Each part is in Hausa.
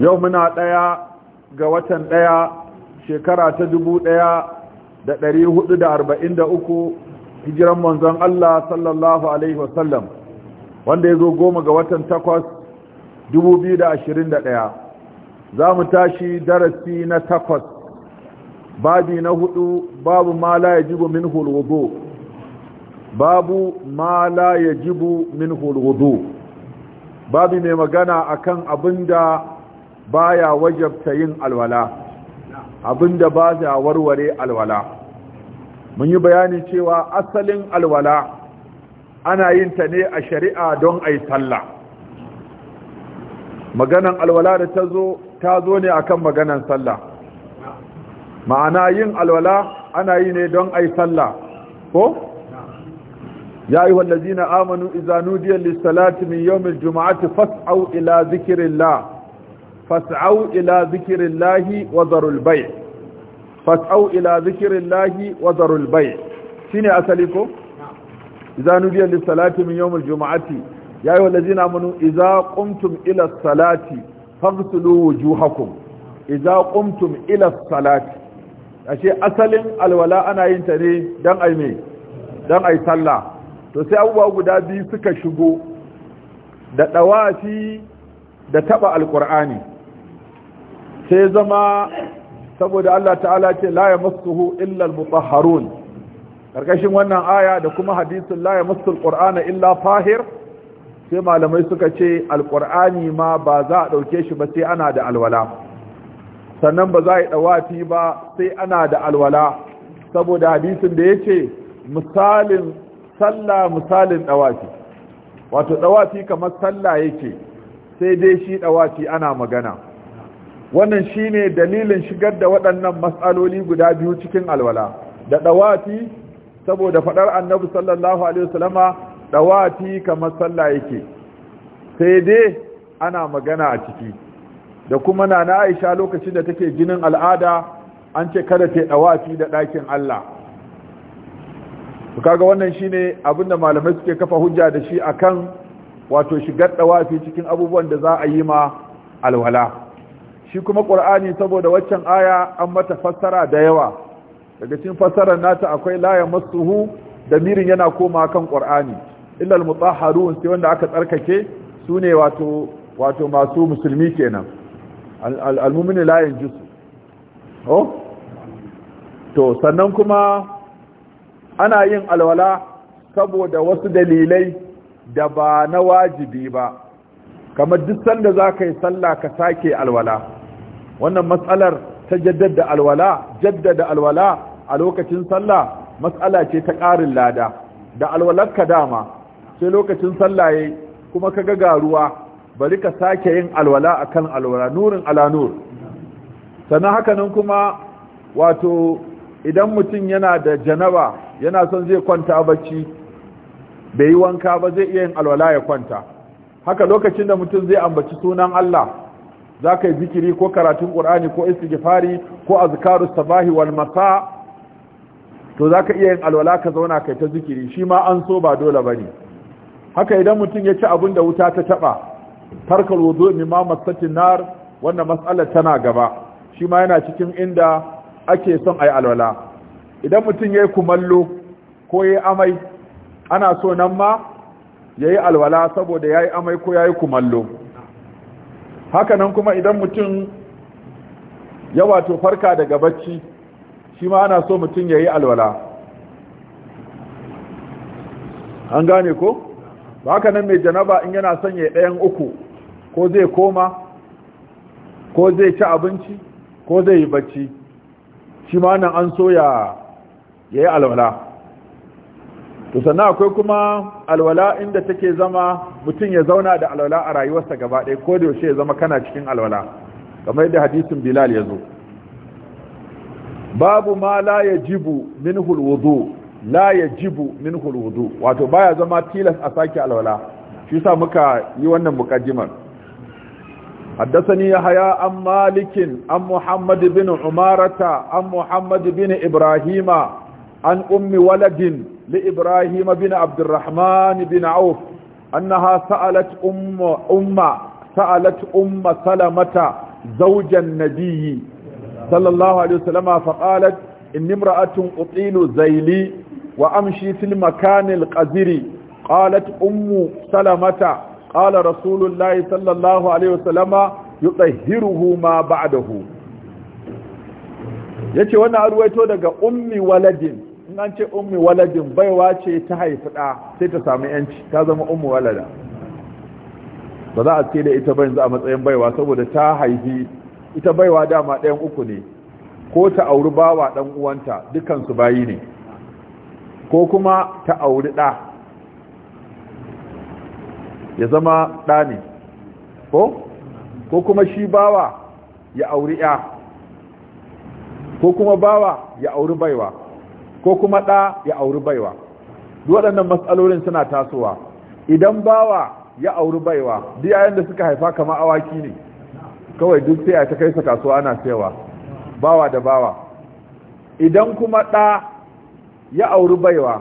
yau muna ɗaya ga watan ɗaya shekara ta dubu ɗaya da ɗari hudu da arba'in da uku hijiran manzon Allah sallallahu Alaihi wasallam wanda ya zo goma ga watan takwas dubu biyu da ashirin da ɗaya za mu tashi darasi na takwas babi na hudu babu ma la ya jibu min hulwudu babu ma la ya jibu min hulwudu babi mai magana akan abin da baya wajabta yin alwala abinda ba za warware alwala mun yi bayani cewa asalin alwala ana yin ta ne a shari'a don ai sallah maganan alwala da ta zo ta zo ne akan maganan sallah ma'ana yin alwala ana yi ne don ai sallah ko يا أيها الذين آمنوا إذا نودي للصلاة من يوم الجمعة فاسعوا ila zikirin la. fas'au ila zikirillahi wa zarul bai fas'au ila zikirillahi wa zarul bai shine asali ko idza nudiya lis salati min yawmil jumu'ati ya ayyuhal ladzina amanu idza qumtum ila salati faghsilu wujuhakum idza qumtum ila salati ashe asalin alwala ana yin ta ne dan ai me dan ai sallah to sai abubuwa guda biyu suka shigo da dawafi da taba alkur'ani sai zama saboda Allah ta'ala ce la yamassuhu illa al-mutahharun karkashin wannan aya da kuma hadisin la yamassul qur'ana illa fahir sai malamai suka ce alqur'ani ma ba za a dauke shi ba sai ana da alwala sannan ba za a yi dawafi ba sai ana da alwala saboda hadisin da yace misalin sallah misalin dawafi wato dawafi kamar sallah yake sai dai shi dawafi ana magana wannan shine dalilin shigar da waɗannan matsaloli guda biyu cikin alwala da dawati saboda faɗar annabi sallallahu alaihi wasallama dawati kamar sallah yake sai dai ana magana a ciki da kuma na aisha lokacin da take jinin al'ada an ce kada ta ɗawafi da ɗakin Allah kaga wannan shine da malamai suke kafa hujja da shi akan wato shigar dawafi cikin abubuwan da za a yi ma alwala shi kuma qur'ani saboda waccan aya an mata fassara da yawa daga cikin fassarar nata akwai la da damirin yana koma kan qur'ani illa almutahharun sai wanda aka tsarkake sune wato wato masu musulmi kenan almu'minu la yanjusu oh to sannan kuma ana yin alwala saboda wasu dalilai da ba na wajibi ba kamar duk sanda za ka yi sallah ka sake alwala wannan matsalar ta jaddada alwala jaddada alwala a lokacin sallah matsala ce ta ƙarin lada da alwalarka dama sai lokacin sallah yayi kuma kaga ga garuwa, bari ka sake yin alwala akan alwala nurin ala nur sannan haka nan kuma wato idan mutum yana da janaba yana son zai kwanta bacci bai yi wanka ba zai iya yin alwala ya kwanta haka lokacin da mutum zai ambaci sunan Allah za ka yi zikiri ko karatun ƙur'ani ko istighfari ko azkaru sabahi wal masa to za ka iya yin alwala ka zauna kai ta zikiri shi ma an so ba dole ba ne haka idan mutum ya ci abin da wuta ta taɓa tarkar wudu ma masatin nar wannan matsalar tana gaba shi ma yana cikin inda ake son ai alwala idan mutum ya yi kumallo ko ya amai ana so nan ma yayi alwala saboda yayi amai ko yayi kumallo hakanan kuma idan mutum ya wato farka daga bacci shi ma ana so mutum ya yi alwala an gane ko ba hakanan mai janaba in yana son ya ɗayan uku ko zai koma ko zai ci abinci ko zai yi bacci shi ma nan an so ya yi alwala to sannan akwai kuma alwala inda take zama mutum ya zauna da alwala a rayuwarsa gaba ɗaya ko da yaushe ya zama kana cikin alwala kamar yadda hadisin bilal ya zo babu ma la yajibu minhu alwudu la yajibu minhu alwudu wato baya zama tilas a sake alwala shi yasa muka yi wannan mukaddimar ya haya an malikin an muhammad بن Umarata, an muhammad بن Ibrahima, an Ummi Waladin. لإبراهيم بن عبد الرحمن بن عوف أنها سألت أم, أم سألت أم سلمة زوج النبي صلى الله عليه وسلم فقالت إن امرأة أطيل زيلي وأمشي في المكان القذري قالت أم سلمة قال رسول الله صلى الله عليه وسلم يطهره ما بعده yace wannan arwaito daga ummi waladin in an ce ummi waladin baiwa ce ta haifi ɗa sai ta sami yanci ta zama ummi walada ba za a ce da ita ba yanzu a matsayin baiwa saboda ta haifi ita baiwa dama ɗayan uku ne ko ta auri bawa ɗan uwanta dukansu bayi ne ko kuma ta auri ɗa ya zama ɗa ne ko ko kuma shi bawa ya auri ya ko kuma bawa ya auri baiwa ko kuma ɗa ya auri baiwa waɗannan matsalolin suna tasowa idan bawa ya auri baiwa biya yadda suka haifa kama awaki ne kawai duk sai a ta kai su kasuwa ana sayawa bawa da bawa idan kuma ɗa ya auri baiwa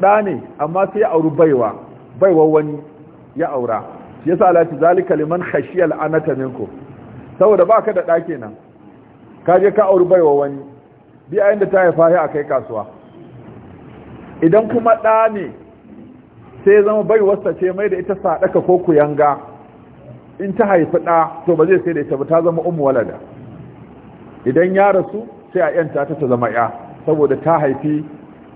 ɗa ne amma sai ya auri baiwa baiwa wani ya aura ya sa lati zalika liman khashiyal anata minkum saboda baka da ɗa kenan ka ka auri baiwa wani biya yadda ta haifa ya kai kasuwa idan kuma ɗa ne sai zama bai wasta ce mai da ita saɗaka ko ku yanga. in ta haifi ɗa to ba zai sai da ita ba ta zama umu walada idan ya rasu sai a yanta ta ta zama ya saboda ta haifi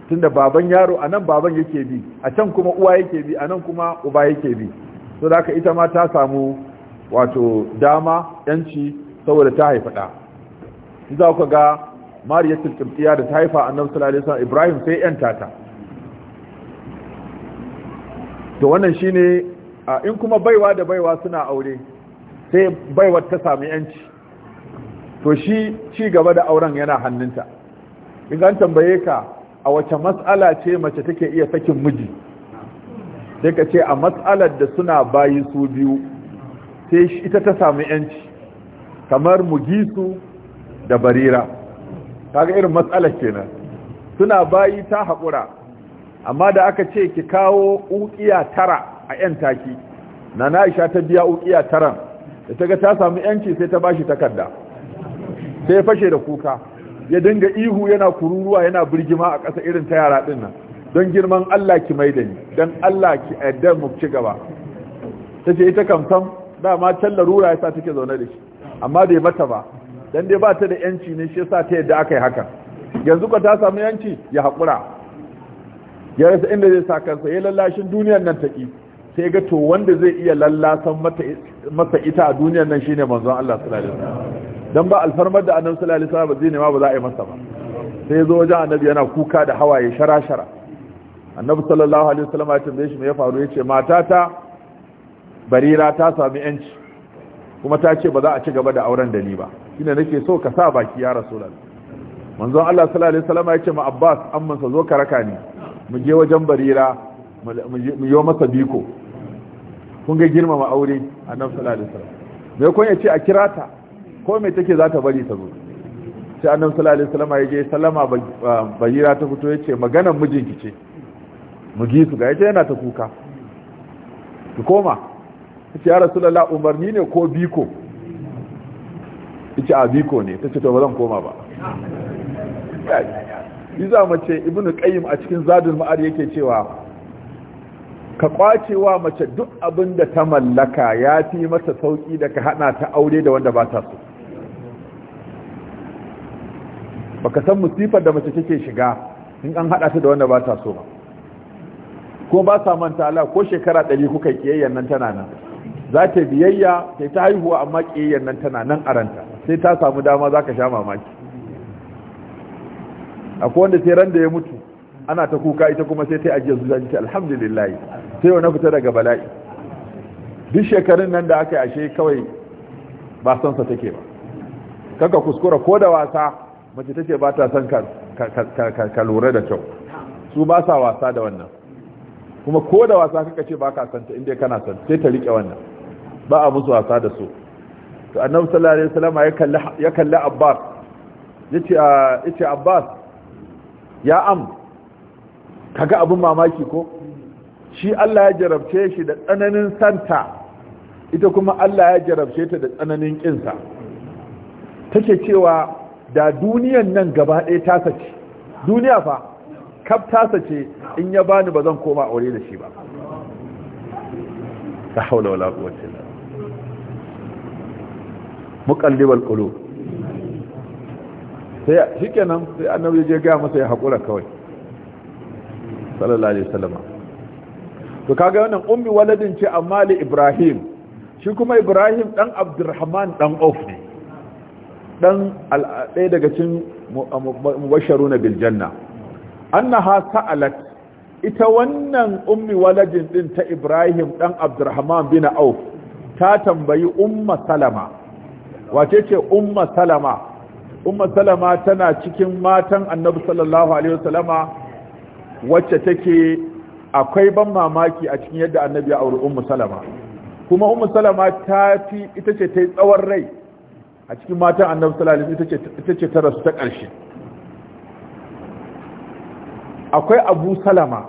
tunda baban yaro a nan baban yake bi a can kuma uwa yake bi a nan kuma uba yake bi so da ita ma ta samu wato dama yanci saboda ta haifi ɗa za ku ga Mariya qibtiya da ta haifa annabi sallallahu alaihi wasallam ibrahim sai yan tata to wannan shine in kuma baiwa da baiwa suna aure sai baiwar ta sami yanci to shi ci gaba da auren yana hannunta in an tambaye ka a wace mas'ala ce mace take iya sakin miji sai ka ce a mas'alar da suna bayi su biyu sai ita ta sami yanci kamar mugisu da barira kaga irin matsalar kenan suna bayi ta haƙura amma da aka ce ki kawo ukiya tara a yan taki na na'isha ta biya ukiya taran da ta ga ta samu yanci sai ta bashi takarda sai fashe da kuka ya dinga ihu yana kururuwa yana birgima a ƙasa irin ta yara ɗin don girman Allah ki mai da ni don Allah ki addar mu ci gaba ta ce ita kamsan dama can larura ya sa take zaune da shi amma bai mata ba dan dai ba ta da yanci ne shi yasa ta yadda aka yi haka yanzu ka ta samu yanci ya haƙura ya rasa inda zai sa kansa ya lallashin duniyar nan ta ƙi sai ga to wanda zai iya lallasan masa ita a duniyar nan shine manzon Allah sallallahu alaihi wasallam dan ba alfarmar da annabi sallallahu alaihi wasallam zai nema ba za a yi masa ba sai ya zo wajen annabi yana kuka da hawaye shara-shara annabi sallallahu alaihi wasallam ya tambaye shi me ya faru yace matata barira ta sami yanci kuma ta ce ba za a ci gaba da auren da ni ba shine nake so ka sa baki ya rasulullah manzo Allah sallallahu alaihi wasallam ya ce ma Abbas amman sa zo ka raka ni mu je wajen barira mu yi masa biko kun ga girmama aure annabi sallallahu alaihi wasallam me kun ya ce a kira ta ko me take za ta bari ta zo sai annabi sallallahu alaihi wasallam ya je sallama barira ta fito ya ce maganar mijinki ce mu ji su ga yace yana ta kuka ki koma ya ce ya rasulullah umarni ne ko biko ita a biko ne ta ce to ba zan koma ba yi za mace ibn qayyim a cikin zadul ma'ar yake cewa ka kwace wa mace duk abin da ta mallaka ya fi mata sauki da ka hana ta aure da wanda ba ta so baka san musifar da mace take shiga in an hada ta da wanda ba ta so ba ko ba sa manta Allah ko shekara 100 kuka kiyayyan nan tana nan za ta biyayya sai ta haihuwa amma kiyayyan nan tana nan aranta sai ta samu dama za ka sha mamaki akwai wanda sai ran da ya mutu ana ta kuka ita kuma sai ta ajiye zuwa ta alhamdulillah sai wani fita daga bala'i duk shekarun nan da aka yi ashe kawai ba san sa take ba kanka kuskura ko da wasa mace take ba ta son ka lura da kyau su ba sa wasa da wannan kuma ko da wasa kaka ce ba ka santa inda kana santa sai ta riƙe wannan ba a musu wasa da su to annabi sallallahu alaihi wasallam ya kalli ya kalli abbas yace ah, yace abbas ya am kaga abun mamaki ko shi Allah ya jarabce shi da tsananin santa ita kuma Allah ya jarabce ta da tsananin kinsa take cewa da duniyan nan gaba ɗaya ta sace duniya fa kaf ta sace in ya bani ba zan koma aure da shi ba la hawla wala quwwata muqallibal qulub sai shikenan sai annabi je ga masa ya hakura kawai sallallahu alaihi wasallam to kaga wannan ummi waladin ce amma li ibrahim shi kuma ibrahim dan abdurrahman dan auf ne dan ɗaya daga cikin mubasharuna bil janna annaha sa'alat ita wannan ummi waladin din ta ibrahim dan abdurrahman bin auf ta tambayi umma salama wace ce umma salama umma salama tana cikin matan annabi sallallahu alaihi wasallama wacce take akwai ban mamaki a cikin yadda annabi ya auri Umma salama kuma Umma salama ta fi ita ce ta yi tsawon rai a cikin matan annabi sallallahu alaihi wasallama ita ce ta rasu ta ƙarshe akwai abu salama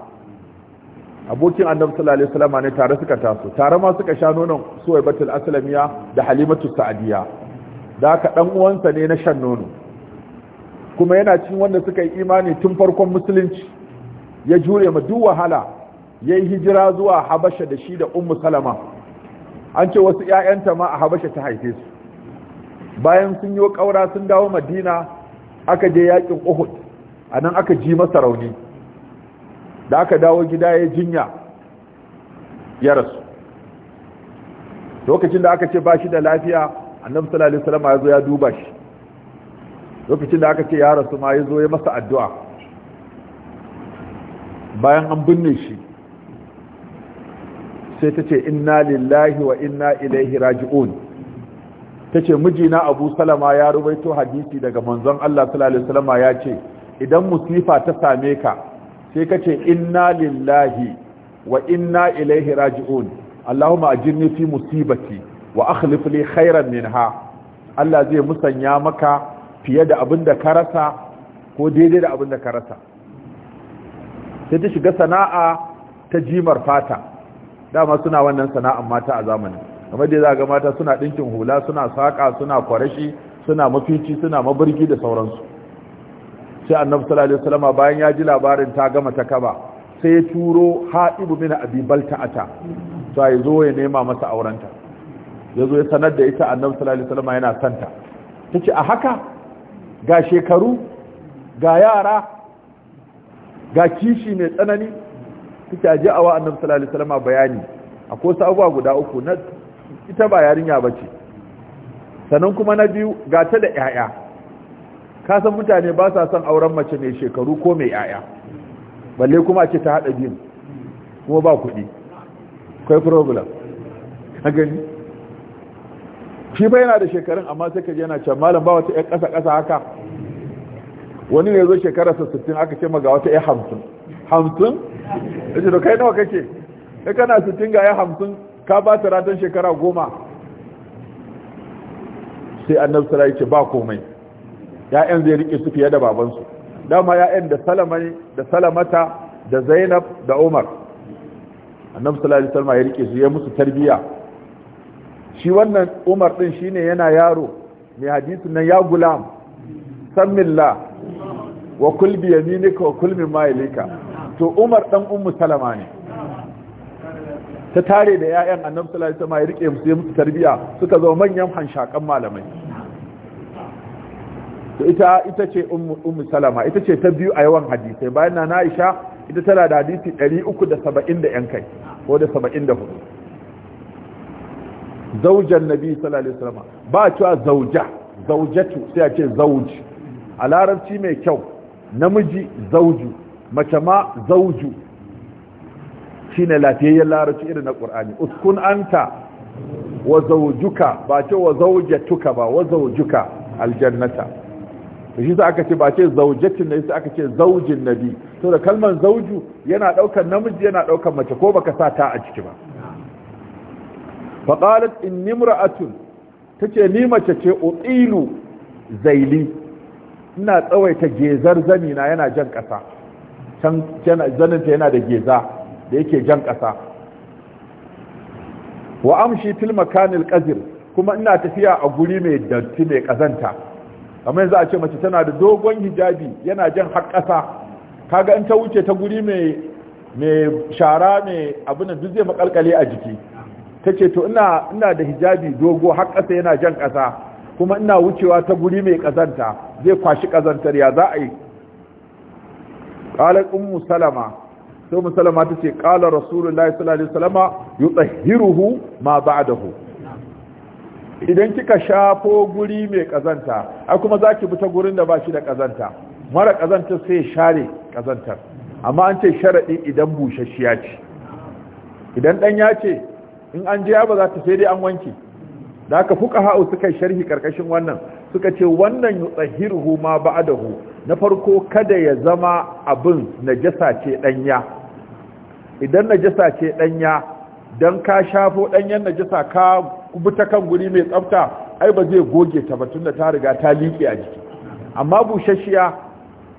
abokin annabi sallallahu alaihi wasallama ne tare suka taso tare ma suka sha nonon suwaibatul aslamiya da halimatu sa'adiyya. da aka uwansa ne na shan nono kuma yana cikin wanda suka yi imani tun farkon musulunci ya jure ma duk wahala Ya yi hijira zuwa habasha da shi da ummu salama an ce wasu 'ya'yanta ma a habasha ta haife su bayan sun yi ƙaura, sun dawo madina aka je yaƙin uhud anan aka ji masa rauni da aka dawo gida ya jinya ya rasu lokacin da aka ce ba shi da lafiya annabi sallallahu alaihi wasallam ya zo ya duba shi lokacin da aka ce ya rasu ma ya zo ya masa addu'a bayan an binne shi sai ta ce inna lillahi wa inna ilaihi raji'un ta ce mijina abu salama ya rubaito hadisi daga manzon Allah sallallahu alaihi ya ce idan musifa ta same ka sai ka ce inna lillahi wa inna ilaihi raji'un Allahumma ajirni fi musibati wa akhlif li khairan minha Allah zai musanya maka fiye da abin da ka rasa ko daidai da abin da ka rasa sai ta shiga sana'a ta jimar fata dama suna wannan sana'ar mata a zamanin kamar da za ga mata suna ɗinkin hula suna saƙa suna kwarashi suna mafici suna maburgi da sauransu sai annabi sallallahu alaihi wasallam bayan ya ji labarin ta gama ta kaba sai ya turo haibu min abi balta'ata to ya zo ya nema masa aurenta ya zo ya sanar da ita annabi sallallahu alaihi yana santa ta ce a haka ga shekaru ga yara ga kishi mai tsanani ta ce a ji awa annabi sallallahu alaihi wasallam bayani akwai kosa abubuwa guda uku na ita ba yarinya ba ce sannan kuma na biyu ga ta da 'ya'ya kasan mutane ba sa son auren mace mai shekaru ko mai 'ya'ya balle kuma ce ta haɗa biyun kuma ba kuɗi kai problem ka gani shi bai yana da shekarun amma sai ka je yana can malam ba wata ƴan ƙasa ƙasa haka wani ne zo shekara sittin aka ce ga wata ƴan hamsin hamsin da da kai nawa kake ya kana sittin ga ƴan hamsin ka ba ta ratan shekara goma sai annabi sara ce ba komai ya'yan zai rike su fiye da babansu dama ya'yan da da salamata da zainab da umar annabi sallallahu alaihi wasallam ya rike su ya musu tarbiyya shi wannan umar din shine yana yaro mai hadisin nan ya gulam sammilla wa Kulbi bi yaminika wa Kulmin mailika to umar dan ummu salama ne ta tare da ƴaƴan annabi sallallahu alaihi wasallam ya rike musu musu tarbiya suka zo manyan hanshakan malamai to ita ita ce ummu ummu salama ita ce ta biyu a yawan hadisai bayan na Aisha ita tana da hadisi 370 da kai ko da 74 zaujan nabi sallallahu alaihi wasallam ba cewa zauja zaujatu sai a ce zauji a larabci mai kyau namiji zauju mace ma zauju shine lafiyayyen larabci irin na qur'ani uskun anta wa zaujuka ba ce wa zaujatuka ba wa zaujuka aljannata shi sai aka ce ba ce zaujatin ne sai aka ce zaujin nabi to da kalmar zauju yana daukar namiji yana daukar mace ko baka sa ta a ciki ba faƙalat in nimra'atun ta ce ni mace ce utsilu zaili ina tsawaita gezar zamina yana jan ƙasa zaninta yana da geza da yake jan ƙasa wa amshi fil makanil qazir kuma ina tafiya a guri mai danti mai kazanta amma yanzu a ce mace tana da dogon hijabi yana jan har ƙasa kaga in ta wuce ta guri mai mai shara mai abin duk zai makalkale a jiki ta ce to ina da hijabi dogo har ƙasa yana jan ƙasa kuma ina wucewa ta guri mai ƙazanta zai kwashi ƙazantar ya za a yi ƙalar ƙunmu salama sai ummu ta ce ƙalar rasulullahi sallallahu alaihi wasallama tsahiruhu ma ba'dahu idan kika shafo guri mai ƙazanta ai kuma zaki ki ta gurin da ba shi da ƙazanta mara ƙazantar sai share ƙazantar amma an ce sharaɗi idan bushashiya ce idan ɗan ya ce in an jiya ba za ta sai dai an wanke da aka fuka ha'u suka sharhi karkashin wannan suka ce wannan tsahirhu ma ba'adahu, na farko kada ya zama abin najasa ce danya idan najasa ce danya dan ka shafo danyen najasa ka kubuta kan guri mai tsafta ai ba zai goge ta ba tunda ta riga ta liƙe a jiki amma bushashiya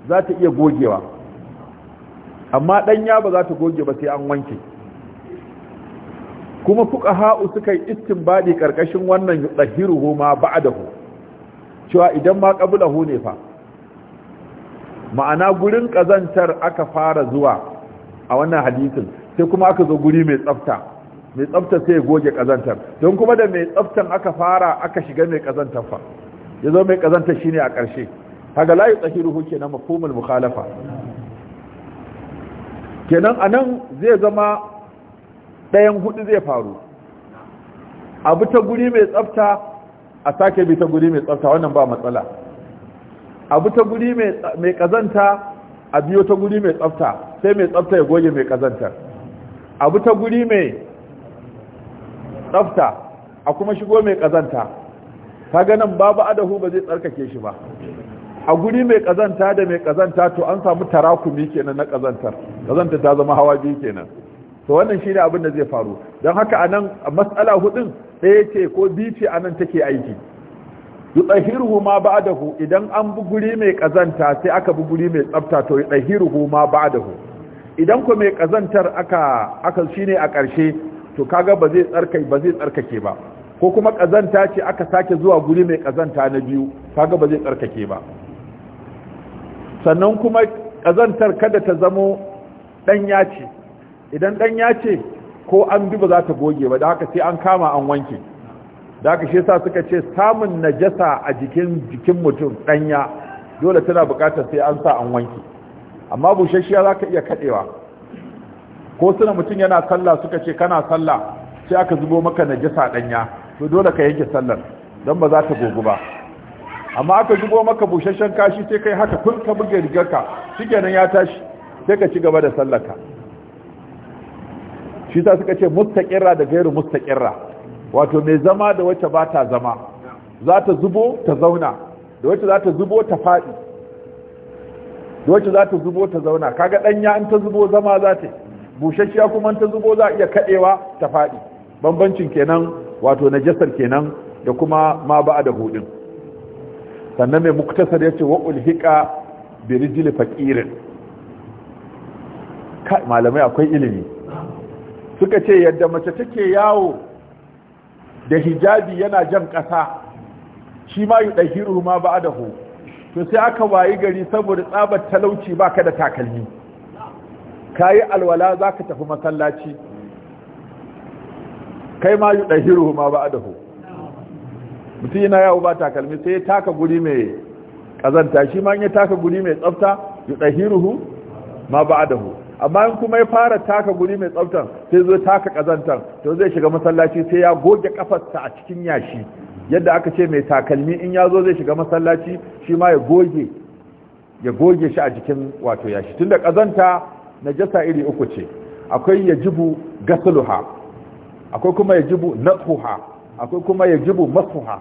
za ta iya gogewa amma danya ba za ta goge ba sai an wanke kuma hau suka yi istin baɗi karkashin wannan yudahiruhu ma ba'adahu, cewa idan ma qablahu ne fa ma'ana gurin kazantar aka fara zuwa a wannan hadisin sai kuma aka zo guri mai tsafta mai tsafta sai goge kazantar don kuma da mai tsaftan aka fara aka shiga mai kazantar fa ya zo mai kazantar shine a ƙarshe kaga la ke kenan mafhumul mukhalafa kenan anan zai zama ɗayan hudu zai faru abu ta guri mai tsafta a sake bi ta guri mai tsafta wannan ba matsala abu ta guri mai kazanta a biyo ta guri mai tsafta sai mai tsafta ya goge mai kazantar abu ta guri mai tsafta a kuma shigo mai kazanta ta ganin babu adahu ba zai tsarkake shi ba a guri mai kazanta da mai kazanta to an samu tarakumi kenan na kazantar kazanta ta zama hawa biyu kenan to wannan shi ne abin da zai faru don haka anan matsala hudun ɗaya ce ko biyu ce anan take aiki yutahhiruhu ma hu idan an bi guri mai kazanta sai aka bi guri mai tsafta to ɗahiru ma hu idan ko mai kazantar aka aka shine a ƙarshe to kaga ba zai tsarkai ba zai tsarkake ba ko kuma ƙazanta ce aka sake zuwa guri mai kazanta na biyu kaga ba zai tsarkake ba sannan kuma kazantar kada ta zamo danya ce idan dan ya ce ko an bi ba za ta goge ba da haka sai an kama an wanke da haka shi yasa suka ce samun najasa a jikin jikin mutum danya dole tana buƙatar sai an sa an wanke amma bushashiya za ka iya kadewa ko suna mutum yana sallah suka ce kana sallah sai aka zubo maka najasa danya to dole ka yanke sallar don ba za ta gogu ba amma aka zubo maka busasshen kashi sai kai haka kun ka buge rigarka shikenan ya tashi sai ka ci gaba da sallarka shi ta suka ce mustaqirra da gairu mustaqirra wato mai zama da wacce ba ta zama za ta zubo ta zauna da wacce za ta zubo ta faɗi da wacce za ta zubo ta zauna kaga ɗanya in ta zubo zama za ta bushashiya kuma in ta zubo za a iya kaɗewa ta faɗi bambancin kenan wato najasar kenan da kuma ma ba da hudin sannan mai muktasar ya ce wa ulhika birijil Fakirin kai malamai akwai ilimi suka ce yadda mace take yawo da hijabi yana jan ƙasa shi ma yi ɗahiru ma ba da ho to sai aka wayi gari saboda tsabar talauci ba ka da takalmi ka yi alwala za ka tafi masallaci kai ma yi ɗahiru ma ba da ho mutum yana yawo ba takalmi sai ya taka guri mai ƙazanta shi ma ya taka guri mai tsafta yi ɗahiru ma ba da ho amma in kuma ya fara taka guri mai tsaftan sai zo taka kazantan to zai shiga masallaci sai ya goge kafarsa a cikin yashi yadda aka ce mai takalmi in ya zo zai shiga masallaci shi ma ya goge ya goge shi a jikin wato yashi tunda kazanta jasa iri uku ce akwai yajibu gasluha akwai kuma yajibu nathuha akwai kuma yajibu masuha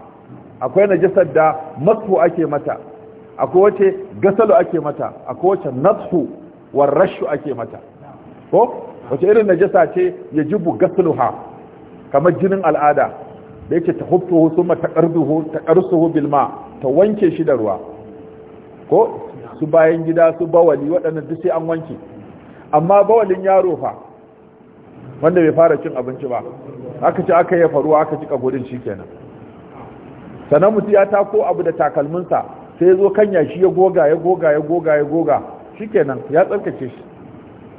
akwai najasar da masu ake mata akwai wace gasalu ake mata akwai wace nathu warrashu ake mata ko wace irin najasa ce ya jibu gasluha kamar jinin al'ada da yake ta hubtuhu summa ta taqarsuhu bil ma ta wanke shi da ruwa ko su bayan gida su bawali waɗannan duk sai an wanke amma bawalin yaro fa wanda bai fara cin abinci ba aka ci aka yi faruwa aka ci kagurin kenan sanan mutu ya tako abu da takalminsa sai ya zo kan yashi ya goga ya goga ya goga ya goga shikenan ya tsarkake shi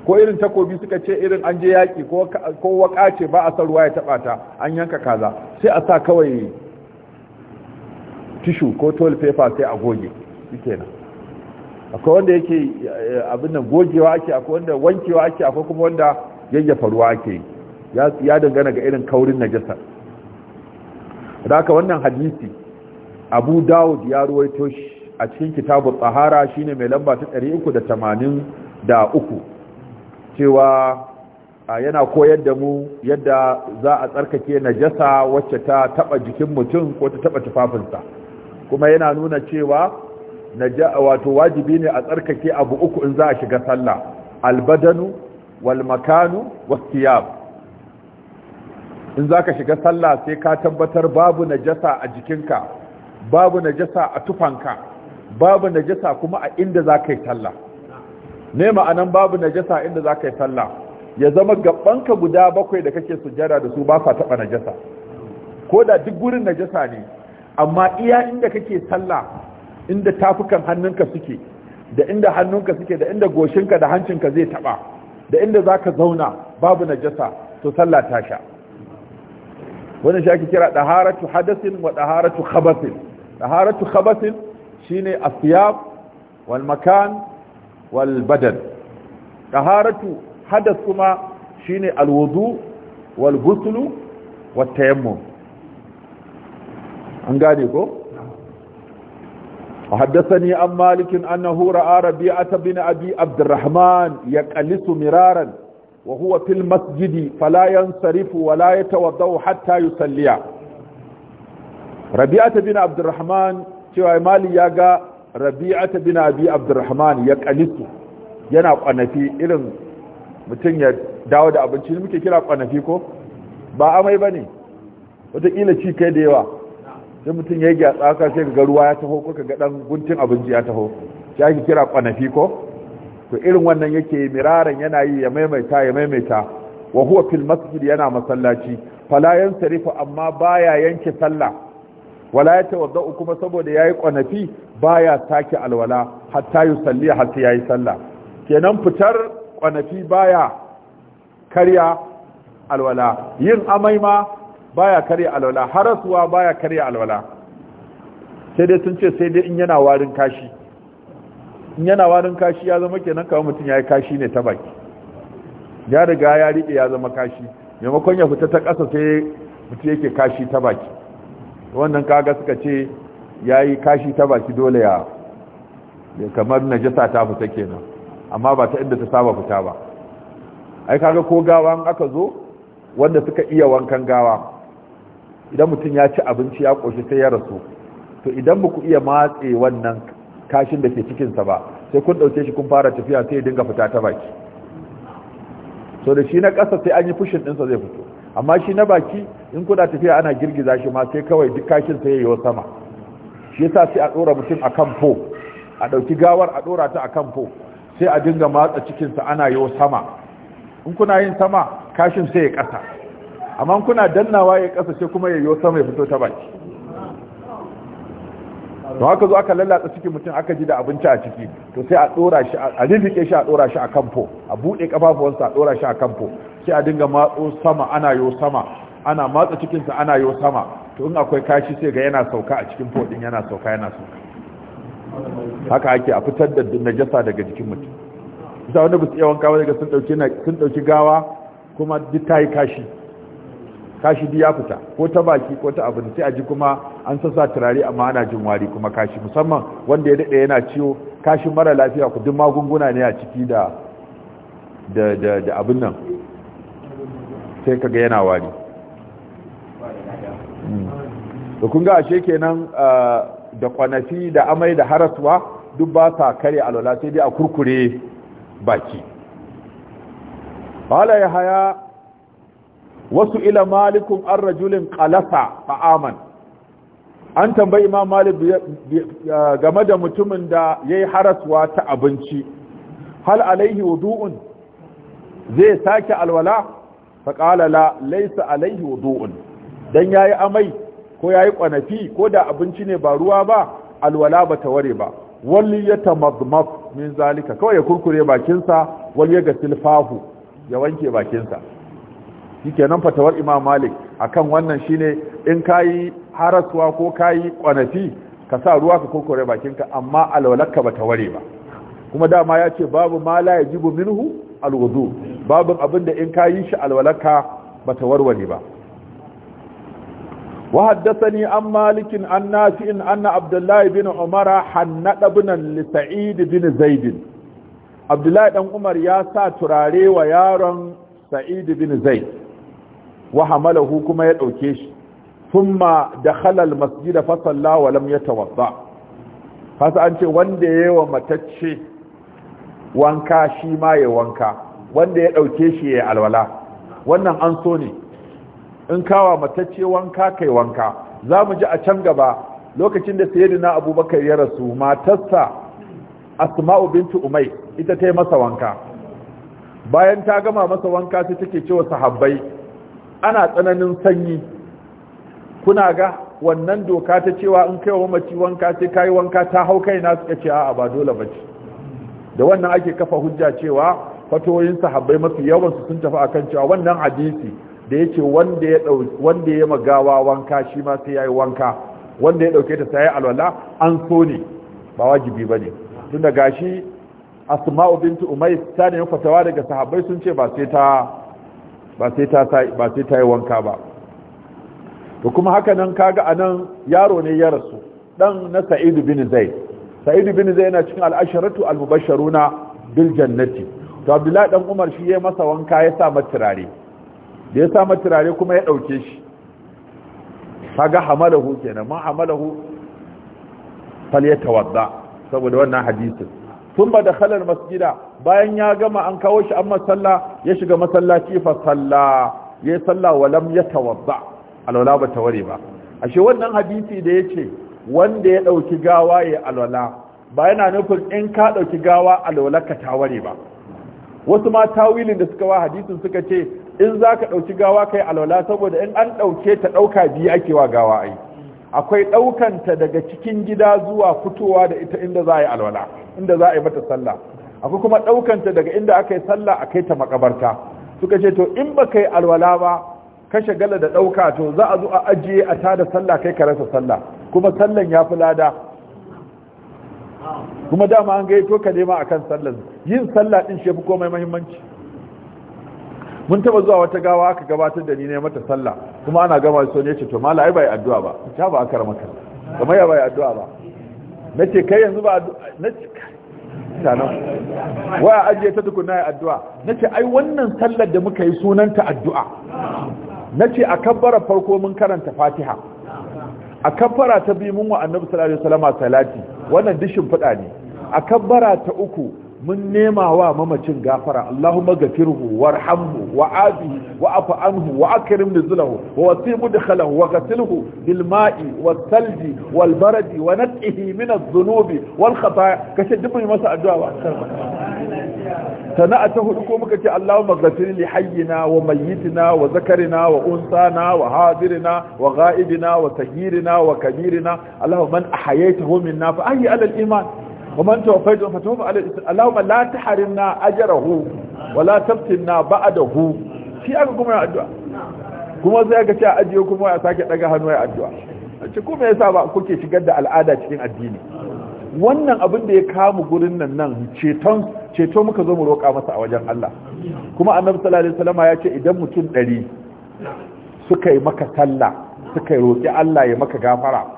ko irin takobi suka ce irin an je yaƙi ko waƙa ce ba a san ruwa ya taɓa ta an yanka kaza sai a sa kawai tishu ko toilet paper sai a goge shikenan akwai wanda yake eh, abin nan gogewa ake akwai wanda wankewa ake akwai kuma wanda yayyafa ruwa ake ya dangana ga irin kaurin najasa da haka wannan hadisi abu dawud ya ruwaito shi a cikin kitabu tsahara shine mai lamba ta 383 cewa yana koyar da mu yadda za a tsarkake najasa wacce ta taba jikin mutum ko ta taba tufafinsa kuma yana nuna cewa wato wajibi ne a tsarkake abu uku in za a shiga sallah albadanu wal makanu wasiyab in za ka shiga sallah sai ka tabbatar babu najasa a jikinka babu najasa a tufanka babu najasa kuma a inda za ka yi sallah ne ma'anan babu najasa inda za ka yi sallah ya zama gabanka guda bakwai da kake sujjada da su ba sa taɓa najasa ko da duk wurin najasa ne amma iya inda kake sallah inda tafukan hannunka suke da inda hannunka suke da inda goshinka da hancinka zai taɓa da inda za ka zauna babu najasa to sallah ta sha wannan shi ake kira ɗaharatu hadasin wa ɗaharatu khabasin ɗaharatu khabasin shine asiyab wal makan wal badan taharatu hadath kuma shine al wudu wal ghuslu wat tayammum an gane ko وحدثني عن مالك أنه رأى ربيعة بن أبي عبد الرحمن يقلس مرارا وهو في المسجد فلا ينصرف ولا يتوضأ حتى يصلي ربيعة بن عبد الرحمن cewa mali ya ga rabi'ata bin abi abdurrahman ya qalitu yana kwanafi irin mutum ya dawo da abinci muke kira kwanafi ko ba amai bane wataƙila ci kai da yawa sai mutum ya yi gyatsa ka sai ga ruwa ya taho ko ga dan guntun abinci ya taho shi ake kira kwanafi ko to irin wannan yake miraran yana yi ya maimaita ya maimaita wa huwa fil masjid yana masallaci fala yansarifu amma baya yanke sallah wala ya wadda kuma saboda yayi kwanafi baya sake alwala hatta yusalli har ya yayi sallah kenan fitar kwanafi baya karya alwala yin amai ma baya karya alwala harasuwa baya karya alwala sai dai sun ce sai dai in yana warin kashi in yana warin kashi ya zama kenan kawai mutum yayi kashi ne ta baki ya riga ya rike ya zama kashi maimakon ya fita ta ƙasa sai mutum yake kashi ta baki wannan kaga suka ce ya yi kashi ta baki dole ya kamar najasa ta fita kenan amma ba ta inda ta saba fita ba ai kaga ko gawa aka zo wanda suka iya wankan gawa idan mutum ya ci abinci ya koshi sai ya rasu to idan ba iya matse wannan kashin da ke cikinsa ba sai kun ɗauke shi kun fara tafiya sai ya dinga fita ta baki so da shi na kasa sai an yi fushin ɗinsa zai fito amma shi na baki in kuna tafiya ana girgiza shi ma sai kawai duk kashin sai yayi sama shi yasa sai a dora mutum akan fo a dauki gawar a dora ta akan fo sai a dinga matsa cikin sa ana yayo sama in kuna yin sama kashin sai ya kasa amma kuna dannawa ya kasa sai kuma yayo sama ya fito ta baki don haka zo aka lallata cikin mutum aka ji da abinci a ciki to sai a dora shi a rifike shi a dora shi a kanfo a buɗe kafafuwansa a dora shi a kanfo sai a dinga matso sama ana yo sama ana matsa cikinsa ana yo sama to in akwai kashi sai ga yana sauka a cikin fo din yana sauka yana sauka haka ake a fitar da najasa daga jikin mutum bisa wanda ba su iya wanka ba daga sun dauki gawa kuma duk ta kashi kashi biya ya fita ko ta baki ko ta abin sai a ji kuma an sassa turare amma ana jin wari kuma kashi musamman wanda ya daɗe yana ciwo kashi mara lafiya ku duk magunguna ne a ciki da da abin nan sai kaga yana wari da hmm. kun ga ashe kenan eh, da kwanafi da amai da haraswa duk ba sa kare alwala sai dai a kurkure baki bala ya haya wasu ila malikun an rajulin a aman, an tambayi imam malik game da mutumin da ya yi haraswa ta abinci hal alaihi wudu'un zai sake alwala faqala la alaihi wudu'un ya yi amai ko ya yi ƙwanafi, ko da abinci ne ba ruwa ba alwala ba ta ware ba Wani walli yatamadmaf min zalika kawai ya kurkure bakinsa wani ya gasilfahu ya wanke bakinsa shikenan fatawar imam malik akan wannan shine in kayi harasuwa ko kayi kwanafi ka sa ruwa ka kurkure bakinka amma alwalakka bata ware ba kuma dama ya ce babu ma la yajibu minhu alwudu babu abinda in kayi shi alwalakka bata warware ba Wa an عن مالك عن in anna عبد bin umara hannada bin ابن bin zaid زيد dan umar ya sa turare wa yaron sa'id bin Zaid. wa hamalahu kuma ya dauke shi thumma dakhala almasjida fa salla wa lam yatawadda kasa an ce wanda yayi wa matacce wanka shi ma ya wanka wanda ya dauke shi ya alwala wannan an so ne in kawa matacce wanka kai wanka za mu ji a can gaba lokacin da sayyidina abubakar ya rasu matarsa asma'u bintu umay ita ta yi masa wanka bayan ta gama masa wanka sai take cewa sahabbai ana tsananin sanyi kuna ga wannan doka ta cewa in kai wa mace wanka sai kai wanka ta hau kai na suka ce a'a ba dole bace da wannan ake kafa hujja cewa fatoyin sahabbai mafi yawan su sun tafi akan cewa wannan hadisi da yake wanda ya wanda ya magawa wanka shi ma sai yayi wanka wanda ya dauke ta sai alwala an so ne ba wajibi bane tunda gashi asma'u bintu umayyah ta ne fatawa daga sahabbai sun ce ba sai ta ba sai ta yi wanka ba to kuma haka nan kaga a nan yaro ne ya rasu dan na sa'idu bin zai sa'idu bin zai yana cikin al'asharatu al-mubasharuna bil jannati to abdullahi dan umar shi ya masa wanka ya sa turare. da ya sa turare kuma ya ɗauke shi kaga hamalahu kenan ma hamalahu falyatawadda saboda wannan hadisin tun ba da halar masjida bayan ya gama an kawo shi an masalla ya shiga masallaci fa salla ya yi salla walam ya tawabba alwala ba ta ware ba ashe wannan hadisi da ya ce wanda ya ɗauki gawa ya alwala ba yana nufin in ka ɗauki gawa alwala ka ta ware ba wasu ma tawilin da suka wa hadisin suka ce in za ka ɗauki gawa kai alwala saboda in an ɗauke ta ɗauka biyu ake wa gawa ai akwai ɗaukanta daga cikin gida zuwa fitowa da ita inda za a yi alwala inda za a yi mata sallah akwai kuma ɗaukanta daga inda aka yi sallah a kai ta makabarta suka ce to in ba ka yi alwala ba ka shagala da ɗauka to za a zo a ajiye a tada sallah kai ka rasa sallah kuma sallan ya fi lada kuma dama an gaito ka nema akan sallan yin sallah din shi ya fi komai muhimmanci mun taba zuwa wata gawa aka gabatar da ni ne mata sallah kuma ana gama so ne ce to mala ai bai addu'a ba ta ba akar maka kuma ya bai addu'a ba nace kai yanzu ba nace sanan waya ajiye ta tukuna ya addu'a nace ai wannan sallar da muka yi sunanta addu'a nace a kabbara farko mun karanta fatiha a kabbara ta biyu mun wa annabi sallallahu alaihi wasallam salati wannan dishin fada ne a kabbara ta uku mun nema wa mamacin gafara Allahumma gafirhu warhamhu wa abihi wa afa anhu wa akrim nuzulahu wa wasi mudkhalahu wa qatilhu bil ma'i was salji wal baradi wa nat'ihi min adh-dhunubi wal khata'a kace dubin masa addu'a ba sana'a ta hudu ko muka ce Allahumma ghafir li hayyina wa mayyitina wa zakarina wa unsana wa hadirina wa ghaibina wa sagirina wa kabirina Allahumma man ahyaytahu minna fa ahyi ala al-iman ومن توفيت فتوفى على اللهم لا تحرمنا اجره ولا تفتنا بعده في اكو كما ادعاء كما زي ka ce ajiye kuma ya sake daga hannu ادعاء addu'a ce kuma yasa ba kuke shigar da al'ada cikin addini wannan abin da ya kamu gurin nan nan ceton ceto muka zo mu roƙa masa a wajen Allah kuma annabi sallallahu alaihi wasallam ya ce idan mutum 100 suka yi maka sallah suka yi roƙi Allah ya maka gafara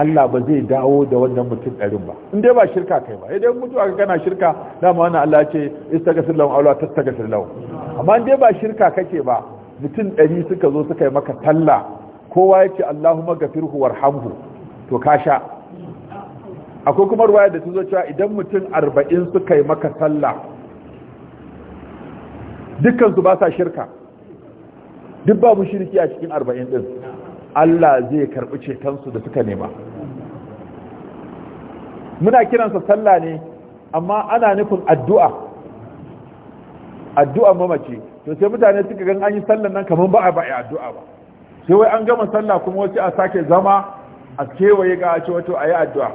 Allah ba zai dawo da wannan mutum ɗarin ba in dai ba shirka kai ba idan mutuwa ka kana shirka ma wannan Allah ce istaghfir lahum aula ta tastaghfir amma in dai ba shirka kake ba mutum ɗari suka zo suka yi maka talla kowa ce Allahumma ghafirhu warhamhu to ka sha akwai kuma ruwaya da ta zo cewa idan mutum arba'in suka yi maka talla dukkan su ba sa shirka duk ba shirki a cikin arba'in din Allah zai karɓi cetonsu da suka nema muna kiransa sallah ne amma ana nufin addu'a addu'a mamaci to sai mutane suka gan an yi sallan nan kamar ba a ba a addu'a ba sai wai an gama sallah kuma wasu a sake zama a kewaye ga ce wato a yi addu'a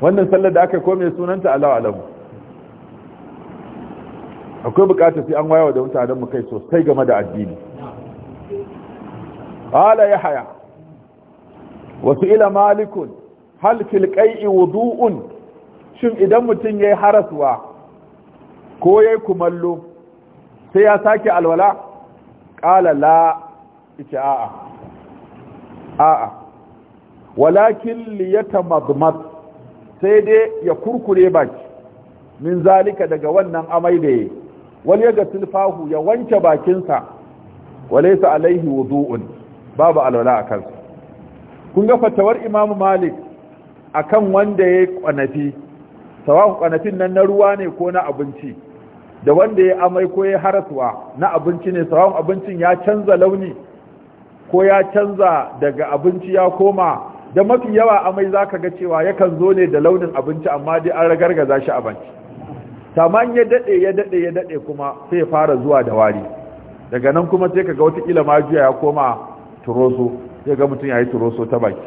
wannan sallar da aka kome sunanta alawa alamu akwai bukatar sai an wayawa da mutanen mu kai sosai game da addini qala yahya wa su'ila malik hal fil qai'i wudu'un shin idan mutun yayi haraswa ko yayi kumallo sai ya sake alwala qala la ita a'a a'a walakin liyatamadmad sai dai ya kurkure baki min zalika daga wannan amai da yayi wal yaga silfahu ya wanke bakinsa walaysa alaihi wudu'un babu alwala a kansu kun ga fatawar imamu malik akan wanda ya kwanafi sawa kwanafin nan na ruwa ne ko na abinci da wanda ya amai ko ya harasuwa na abinci ne sawa abincin ya canza launi ko ya canza daga abinci ya koma da mafi yawa amai zaka ga cewa yakan zo ne da launin abinci amma dai an ragargaza shi abinci taman ya dade ya dade ya dade kuma sai ya fara zuwa da wari daga nan kuma sai kaga wata kila ma juya ya koma turoso ya ga mutum ya yi turoso ta baki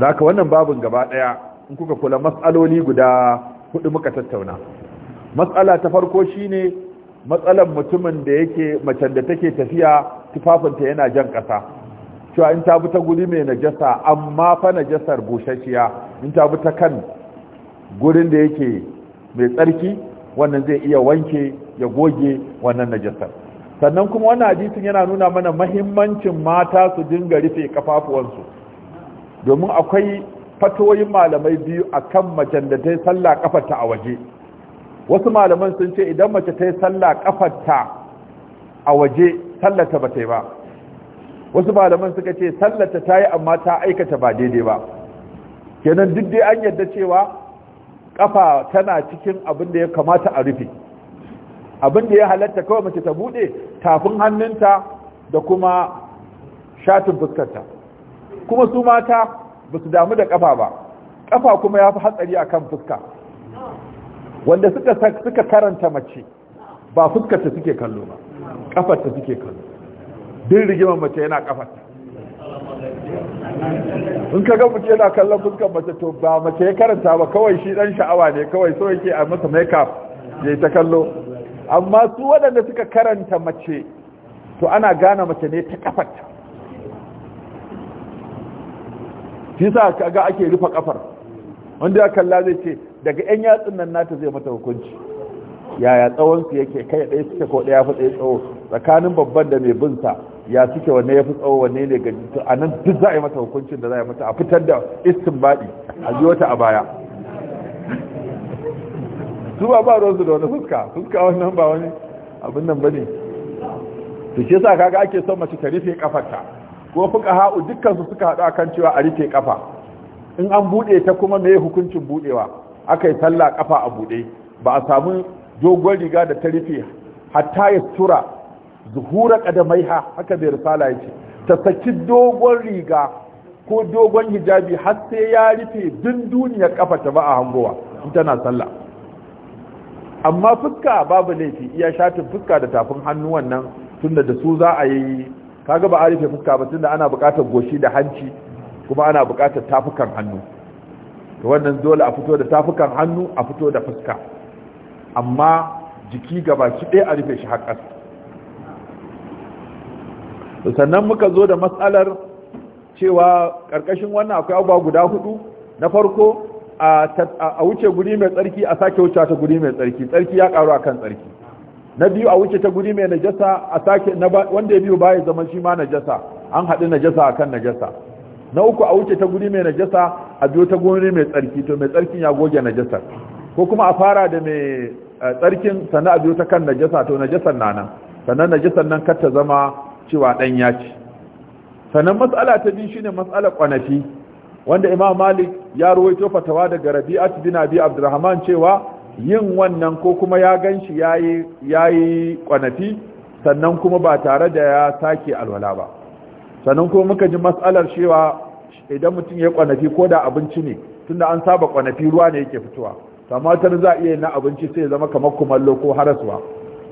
zaka wannan babin gaba daya in kuka kula matsaloli guda hudu muka tattauna matsala ta farko shine matsalan mutumin da yake macen da take tafiya tufafinta yana jan kasa cewa in ta bi ta guri mai najasa amma fa najasar bushashiya in ta bi ta kan gurin da yake mai tsarki wannan zai iya wanke ya goge wannan najasar sannan kuma wannan hadisin yana nuna mana mahimmancin mata su dinga rufe kafafuwansu domin akwai fatoyin malamai biyu akan mace da ta yi sallah kafarta a waje wasu malaman sun ce idan mace ta yi sallah kafarta a waje sallata ba ta yi ba wasu malaman suka ce sallata ta yi amma ta aikata ba daidai ba kenan duk dai an yadda cewa kafa tana cikin abin da ya kamata a rufe abin da ya halatta kawai mace ta bude tafin hannunta da kuma shatin fuskarta kuma su mata ba su damu da kafa ba kafa kuma ya fi hatsari a kan fuska wanda suka, suka karanta mace ba fuskarta suke kallo ba kafarta suke kallo din rigimar mace yana kafarta in ka ga mace yana kallon fuskar mace to ba mace ya karanta ba kawai shi dan sha'awa ne kawai so yake a masa makeup ya yi ta kallo amma su waɗanda suka karanta mace to ana gane mace ne ta kafarta shi sa ga ake rufe kafar wanda ya kalla zai ce daga 'yan yatsun nan nata zai mata hukunci yaya tsawonsu yake kai ɗaya suke ko ɗaya fi ɗaya tsawo tsakanin babban da mai bin sa ya suke wanne ya fi tsawo wanne ne gaji a nan duk za a yi mata hukuncin da za a yi mata a fitar da istin baɗi a biyo ta a baya su ba ba ruwansu da wani fuska fuska wannan ba wani abin nan ba ne su ke sa kaga ake son mace ta rufe kafarta ko fuka ha'u dukkansu suka haɗu a kan cewa a rufe kafa in an buɗe ta kuma me hukuncin buɗewa aka yi talla kafa a buɗe ba a samu dogon riga da ta rufe hatta ya tura zuhura kadamai ha haka bai risala ya ce ta saki dogon riga ko dogon hijabi har sai ya rufe dun duniyar kafa ta ba a hangowa in tana sallah amma fuska babu laifi iya shatin fuska da tafin hannu wannan tunda da su za a yi kaga ba a rufe fuska ba tunda ana buƙatar goshi da hanci kuma ana buƙatar tafukan hannu to wannan dole a fito da tafukan hannu a fito da fuska amma jiki gaba shi ɗaya a rufe shi haƙas sannan muka zo da matsalar cewa ƙarƙashin wannan akwai abubuwa guda hudu na farko a wuce guri mai tsarki a sake wuce ta guri mai tsarki tsarki ya karu akan tsarki na biyu a wuce ta guri mai najasa a sake wanda ya biyu baya zaman shi ma najasa an haɗu najasa akan najasa na uku a wuce ta guri mai najasa a biyo ta guri mai tsarki to mai tsarkin ya goge najasar ko kuma a fara da mai eh, tsarkin sannan a biyo ta kan najasa to najasar na nan sannan najasar nan kar ta zama cewa ɗan ya ci sannan matsala ta biyu shine matsalar kwanafi wanda imam malik ya ruwaito fatawa daga rabi'at bin abi abdurrahman cewa yin wannan ko kuma ya ganshi yayi yayi kwanati sannan kuma ba tare da ya sake alwala ba sannan kuma muka ji matsalar cewa idan mutum ya kwanati ko da abinci ne tunda an saba kwanati ruwa ne yake fitowa amma tar za iya na abinci sai ya zama kamar kumallo ko haraswa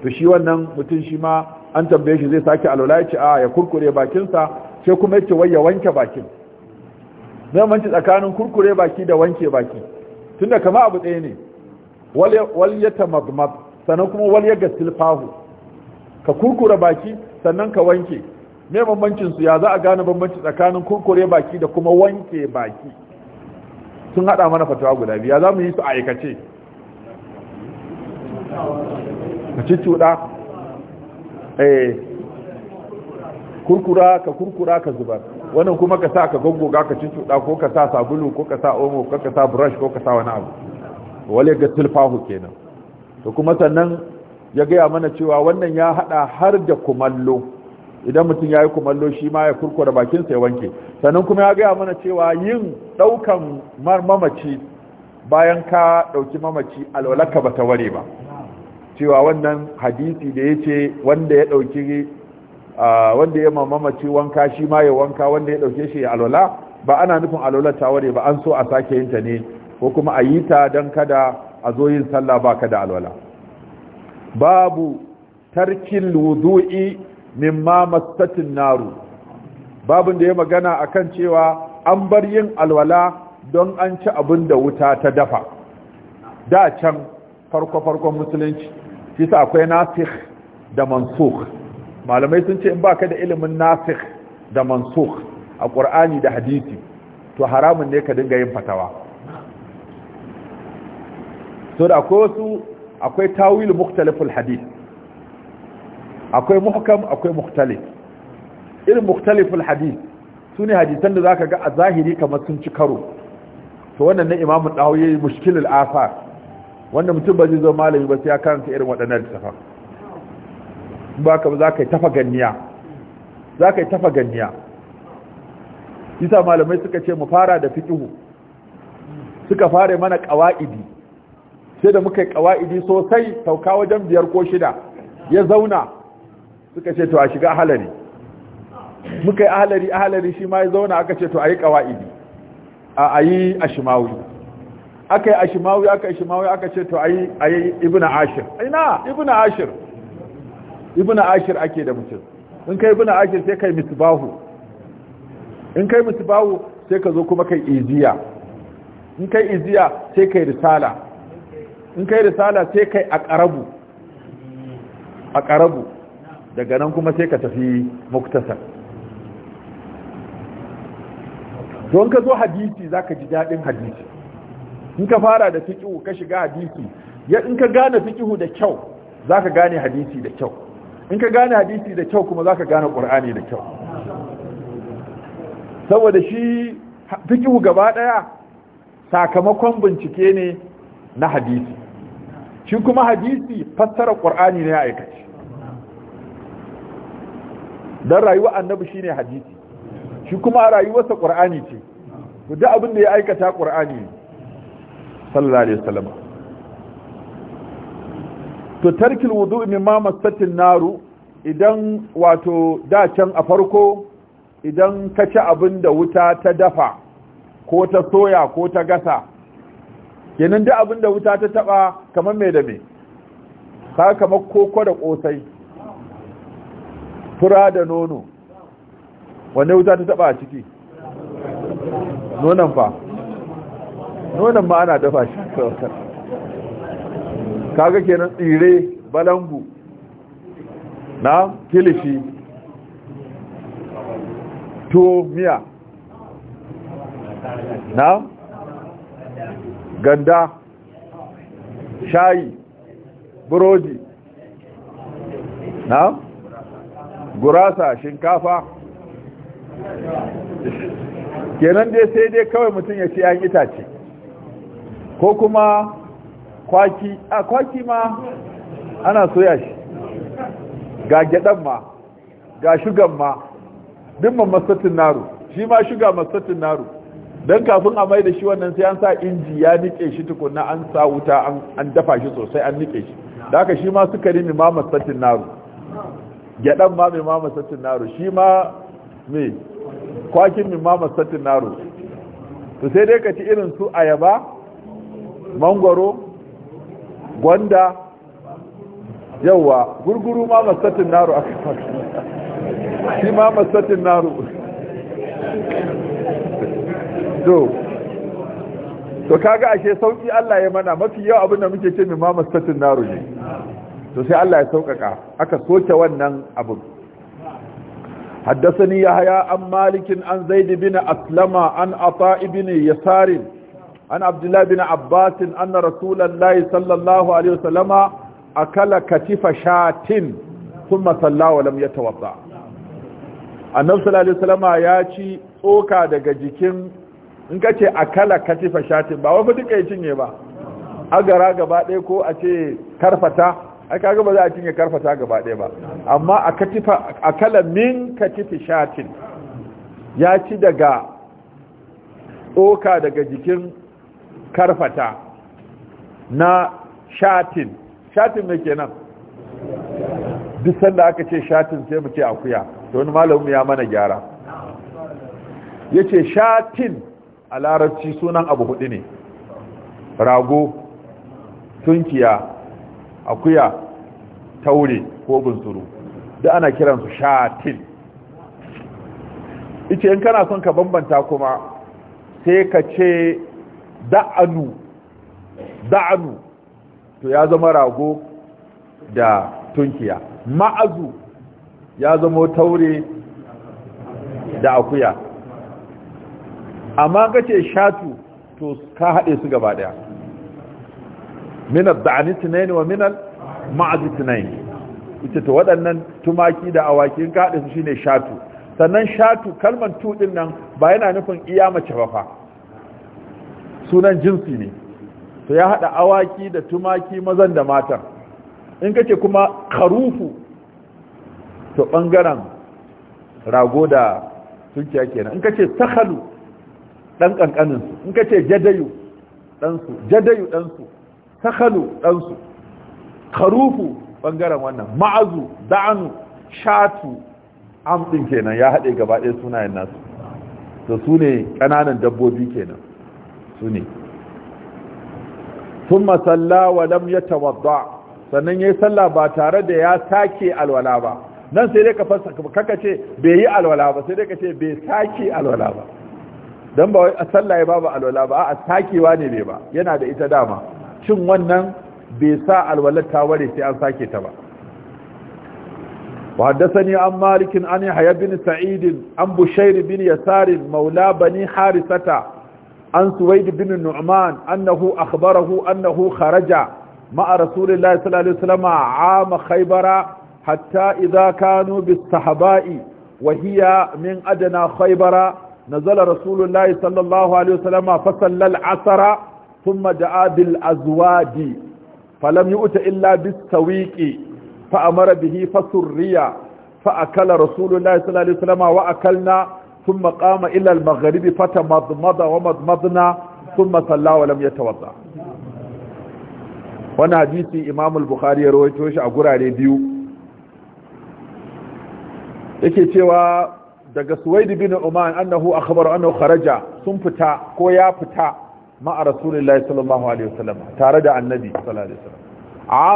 to shi wannan mutum shi ma an tambaye shi zai sake alwala ya ce a ya kurkure bakinsa sai kuma ce wai ya wanke bakin zamanci tsakanin kurkure baki da wanke baki tunda kama abu ɗaya ne wal ya sannan kuma wal ya ka kurkure baki sannan ka wanke me bambancin su ya za a gane bambanci tsakanin kurkure baki da kuma wanke baki sun hada mana fatawa guda biya za mu yi su a aikace eh kurkura ka kurkura ka zubar wannan kuma ka sa ka gaggoga ka ci cuɗa ko ka sa sabulu ko ka sa omo ko ka sa brush ko ka sa wani abu wale ga tilfahu kenan to kuma sannan ya gaya mana cewa wannan ya haɗa har da kumallo idan mutum ya yi kumallo shi ma ya kurkura bakinsa ya wanke sannan kuma ya gaya mana cewa yin ɗaukan mamaci bayan ka ɗauki mamaci alwalaka ba ta ware ba cewa wannan hadisi da ya ce wanda ya ɗauki wanda ya mamaci wanka shi ma ya wanka wanda ya dauke shi ya alwala ba ana nufin alwala ta ware ba an so a sake yin ta ne ko kuma a yi ta don kada a zo yin sallah ba kada alwala babu tarkin wudu'i ma mastatin naru babin da ya magana akan cewa an bar yin alwala don an ci abin da wuta ta dafa da can farko-farkon musulunci fisa akwai nasikh da mansukh malamai sun ce in ba ka da ilimin nasikh da mansukh a qur'ani da hadisi to haramun ne ka dinga yin fatawa so da akwai wasu akwai tawil mukhtaliful hadith akwai muhkam akwai mukhtalif irin mukhtaliful hadith sune hadisan da zaka ga a zahiri kamar sun ci karo to wannan ne imamu dawo yayi mushkilul asar wanda mutum ba zai zo malami ba sai ya karanta irin waɗannan littafan ba za ka yi tafa ganiya za ka yi tafa isa malamai suka ce mu fara da fikihu suka fara mana ƙawa'idi sai da muka yi ƙawa'idi sosai sauka wajen biyar ko shida ya zauna suka ce to a shiga ahalari muka yi ahalari ahalari shi ma ya zauna aka ce to a yi ƙawa'idi a yi ashimawi aka yi ashimawi aka yi ashimawi aka ce to a yi ashir ina ibina ashir ibn ashir ake da mutum in kai ibn ashir sai kai misbahu in kai misbahu sai ka zo kuma kai iziya in kai iziya sai kai risala in kai risala sai kai aqrabu aqrabu daga nan kuma sai ka tafi muktasar don ka zo hadisi zaka ji dadin hadisi in ka fara da fiqhu ka shiga hadisi ya in ka gane fiqhu da kyau zaka gane hadisi da kyau in ka gane hadisi da kyau kuma za ka gane ƙur'ani da kyau saboda shi fikihu gaba ɗaya sakamakon bincike ne na hadisi shi kuma hadisi fassara ƙur'ani ne ya aikaci don rayuwa annabi shi ne hadisi shi kuma rayuwarsa ƙur'ani ce duk abin da ya aikata ƙur'ani ne sallallahu alaihi wasallam to tarkil wudu min ma masatin naru idan wato da can a farko idan ka ci abin da wuta ta dafa ko ta soya ko ta gasa kenan da abin da wuta ta taba kamar mai da me ka kamar koko da kosai fura da nono wanda wuta ta taba a ciki nonon fa nonon ma ana dafa shi kaga kenan tsire balangu na kilishi to miya na ganda shayi burodi na gurasa shinkafa kenan dai sai dai kawai mutum ya ce an itace ko kuma kwaki a kwaki ma ana soya shi ga gyaɗan ma ga shugan ma duk masatin naro shi ma shuga masatin naro don kafin a mai da shi wannan sai an sa inji ya nike shi tukuna an sa wuta an dafa shi sosai an nike shi da haka shi ma sukari mai ma masatin naro gyaɗan ma mai ma masatin naro shi ma mai kwakin mai ma masatin naro to sai dai ka ci irin su ayaba mangoro. gwanda yawa gurguru ma masatin naro a faɗi shi ma masatin naro to to kaga ashe sauki Allah ya mana mafi yau abin da muke ce mai ma masatin naro ne to sai Allah ya saukaka aka soke wannan abin حدثني يحيى عن مالك عن زيد بن أسلم عن عطاء بن يسار an abdullahi bin abbas anna rasulullahi sallallahu alaihi wasallama akala katifa shatin thumma sallawa lam yatawadda annabi sallallahu alaihi wasallama ya ci tsoka daga jikin in kace akala katifa shatin ba wai duka ya cinye ba agara gaba ɗaya ko a ce karfata ai kaga ba za a cinye karfata gaba ɗaya ba amma a katifa akala min katifi shatin ya ci daga tsoka daga jikin karfata na shatin shatin mai kenan duk sanda aka ce shatin sai mu ce akuya to wani malamin ya mana gyara yace shatin a larabci sunan abu hudu ne rago tunkiya akuya taure ko bunsuru duk ana kiransu shatin ice in kana son ka bambanta kuma sai ka ce da'anu da'anu to ya zama rago da tunkiya ma'azu ya zama taure da akuya amma kace shatu to ka haɗe su gaba ɗaya minal da'ani tunaini wa minal ma'azu tunaini ita ta waɗannan tumaki da awaki ka haɗe su shine shatu sannan shatu kalman tuɗin nan ba yana nufin iya mace ba fa sunan jinsi ne to ya haɗa awaki da tumaki mazan da matan in kace kuma karufu to ɓangaren rago da tunkiya kenan in kace sakhalu ɗan ƙanƙaninsu in kace jadayu ɗansu jadayu ɗansu sakhalu ɗansu karufu ɓangaren wannan ma'azu da'anu shatu am ɗin kenan ya haɗe gaba ɗaya sunayen nasu To sune ne ƙananan dabbobi kenan su ne sun masalla wa lam ya tawadda sannan ya yi salla ba tare da ya sake alwala ba nan sai dai ka fasa kaka ce bai yi alwala ba sai dai ka ce bai sake alwala ba don ba a salla ya babu alwala ba a sakewa ne bai ba yana da ita dama cin wannan bai sa alwala ta ware sai an sake ta ba وحدثني عن مالك عن يحيى بن سعيد عن بشير بن يسار مولى بني حارثة عن سويد بن النعمان أنه أخبره أنه خرج مع رسول الله صلى الله عليه وسلم عام خيبر حتى إذا كانوا بالصحباء وهي من أدنى خيبر نزل رسول الله صلى الله عليه وسلم فصلى العصر ثم دعا بالأزواج فلم يؤت إلا بالسويق فأمر به فسريا فأكل رسول الله صلى الله عليه وسلم وأكلنا ثم قام إلى المغرب فتمضمض ومضمضنا ثم صلى ولم يتوضا وانا حديثي امام البخاري ya rawaito shi a gurare biyu yake cewa daga Suwaid bin Uman annahu akhbara annahu kharaja sun fita ko ya fita ma Rasulullahi sallallahu alaihi wasallam tare da Annabi sallallahu alaihi wasallam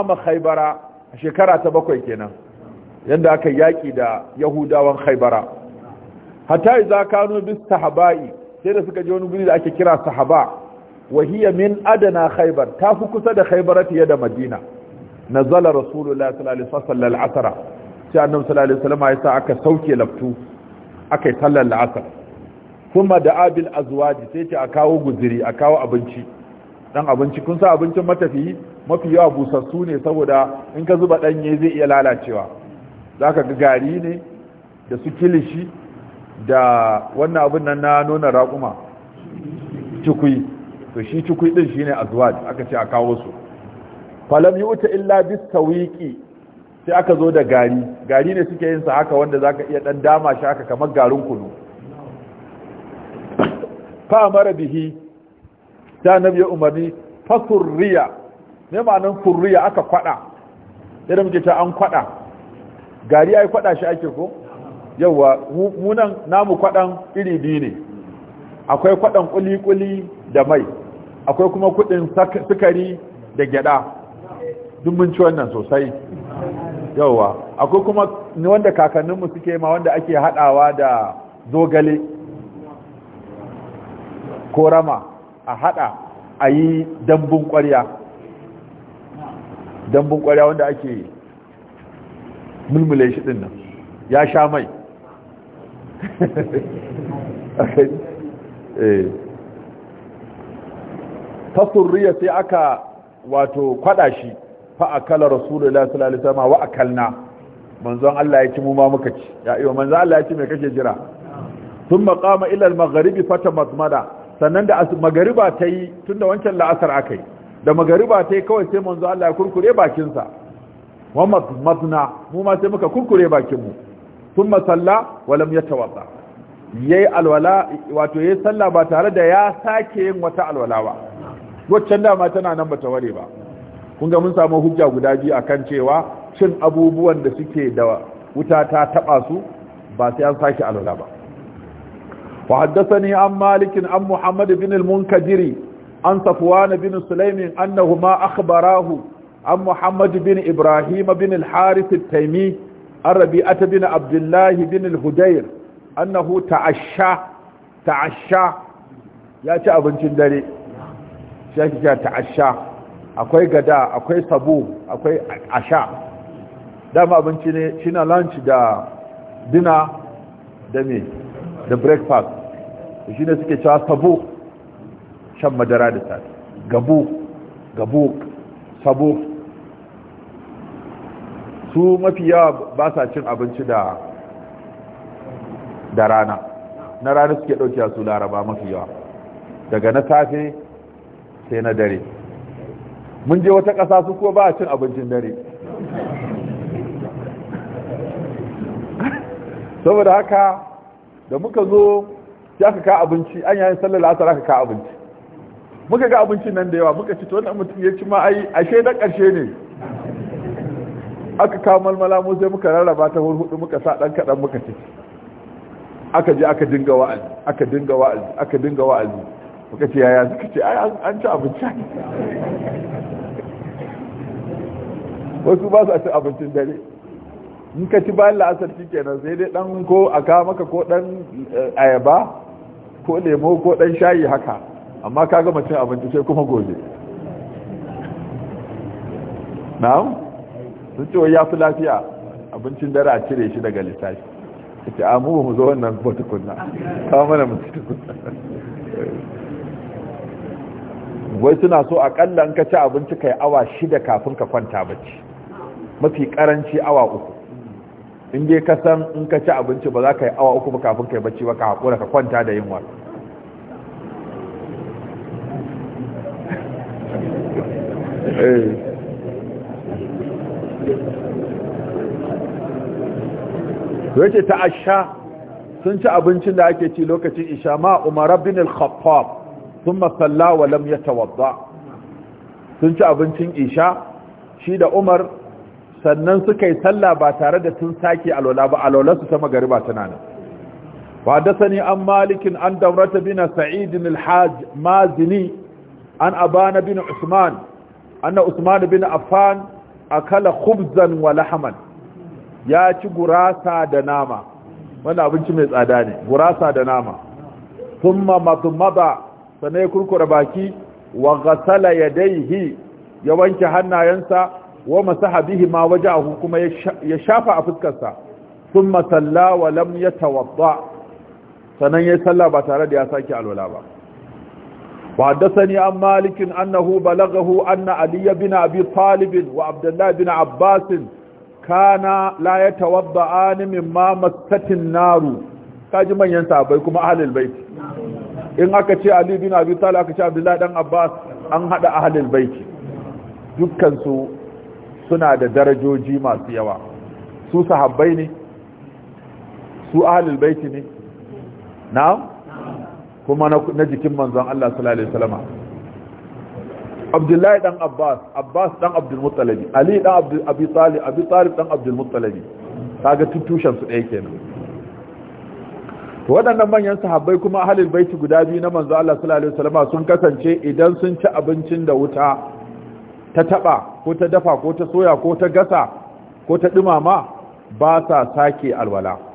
ama Khaybara shekara ta bakwai kenan yanda aka yaƙi da Yahudawan haibara. hatta idza kanu bis sahabai sai da suka je wani guri da ake kira sahaba wa hiya min adana khaybar ta fi kusa da khaybar fiye da madina nazala rasulullahi sallallahu alaihi wasallam al sai annabi sallallahu alaihi wasallam ya sa aka sauke laftu akai sallar al-asr kuma da abil azwaji sai ta a kawo guziri a kawo abinci dan abinci kun sa abincin matafi mafi yawa busassu ne saboda in ka zuba danye zai iya lalacewa zaka ga gari ne da su kilishi da wannan abin nan na nuna raƙuma cikui to shi cikui din shine azwaj aka ce a kawo su falam yuta illa bis tawiqi sai aka zo da gari gari ne suke yin sa haka wanda zaka iya dan dama shi haka kamar garin kunu fa amara bihi ta nabi umarni fa surriya ne ma'anan surriya aka kwada irin muke ta an kwada gari ai kwada shi ake ko yawa munan namu kwadan iri biyu ne akwai kwadan kuli-kuli da mai akwai kuma kudin sukari da gyada duk mun ci wannan sosai yawa akwai kuma wanda kakanninmu suke ma wanda ake hadawa da zogale ko rama a hada a yi dambun kwarya dambun kwarya wanda ake mulmule shi dinnan. ya sha mai Eh. ta surriya sai aka wato kwada shi fa akala rasulullah sallallahu alaihi wasallam wa akalna manzon Allah ya ci mu ma muka ci ya iyo manzon Allah ya ci me kake jira sun maƙama ilal magharibi fata matmada sannan da magariba ta yi tun da wancan la'asar aka yi da magariba ta yi kawai sai manzo Allah ya kurkure bakinsa wa matna mu ma sai muka kurkure bakinmu thumma salla wa lam yatawadda yayi alwala wato yayi salla ba tare da ya sake yin wata alwala ba waccan dama tana nan bata ware ba kunga mun samu hujja guda biyu a kan cewa cin abubuwan da suke da wuta ta taba su ba sai an sake alwala ba wa ni an malikin an Muhammadu bin al-munkadiri an safwan bin sulaimin annahuma akhbarahu an Muhammadu bin ibrahim bin al-harith at الربيعة بن عبد الله بن الهدير أنه تعشى تعشى dare تأبن تندري شاكي تعشى akwai gada akwai sabu akwai asha dama abinci ne shina lunch da dinner da me da breakfast shi ne suke cewa sabu shan madara da ta gabu gabu sabu su mafi yawa ba sa cin abinci da da rana na rana suke a su laraba mafi yawa daga na safe sai na dare mun je wata ƙasa su ko ba a cin abincin dare saboda haka da muka zo ya ka ka abinci an yayin sallar asar aka ka abinci muka ga abincin nan da yawa muka ci to wannan mutum ya ci ma ai ashe da ƙarshe ne aka kawo malmala mu sai muka rarraba ta hurhudu muka sa dan kadan muka ci aka je aka dinga wa'azi aka dinga wa'azi aka dinga wa'azi muka ce yaya suka ce ai an ci abinci wasu ba su ci abincin dare in ka ci bayan la'asar kenan sai dai dan ko a kawo maka ko dan eh, ayaba ko lemo ko dan shayi haka amma ka gama cin abinci sai kuma gobe na'am sun ce wai ya fi lafiya abincin dare a cire shi daga lissafi ta ce amu mu zo wannan batukunna. tukunna kawo mana mu tukunna wai suna so akalla in ka ci abinci kai awa shida kafin ka kwanta bacci mafi karanci awa uku in dai ka san in ka ci abinci ba za ka yi awa uku ba kafin ka yi bacci ba ka haƙura ka kwanta da yin wani Hey. Eh. to ta asha sun ci abincin da ake ci lokacin isha ma umar bin al-khattab thumma salla wa lam yatawadda sun ci abincin isha shi da umar sannan suka yi sallah ba tare da sun sake alwala ba alwala su ta ba tana nan وحدثني عن bin عن دورة بن سعيد an مازني bin أبان بن عثمان أن عثمان بن عفان Khubzan wa ولحما ya ci gurasa da nama wanda abinci mai tsada ne gurasa da nama thumma matumada sanai kurkura baki wa ghasala daihi ya wanke hannayensa wa masaha bihi ma wajahu kuma ya shafa a fuskarsa Suma salla wa lam yatawadda sanan yi sallah ba tare da ya saki alwala ba sani an malikin annahu بلغه Anna, Ali, Bin Abi, طالب wa Abdullahi, Bin Abbasin. kana la ya tawabba ani mimma masatin naru kaji manyan sahabbai kuma ahlul bait in aka ce ali bin abi talib aka ce abdullahi dan abbas an hada ahlul bait dukkan su suna da darajoji masu yawa su sahabbai ne su ahlul bait ne na'am kuma na jikin manzon Allah sallallahu alaihi wasallam abdullahi dan abbas abbas dan abdul muttalibi ali dan abdul abi talib abi talib dan abdul muttalibi kaga tutushan su dai kenan to waɗannan manyan sahabbai kuma ahlul baiti guda biyu na manzo Allah sallallahu alaihi wasallam sun kasance idan sun ci abincin da wuta ta taba ko ta dafa ko ta soya ko ta gasa ko ta dumama ba sa sake alwala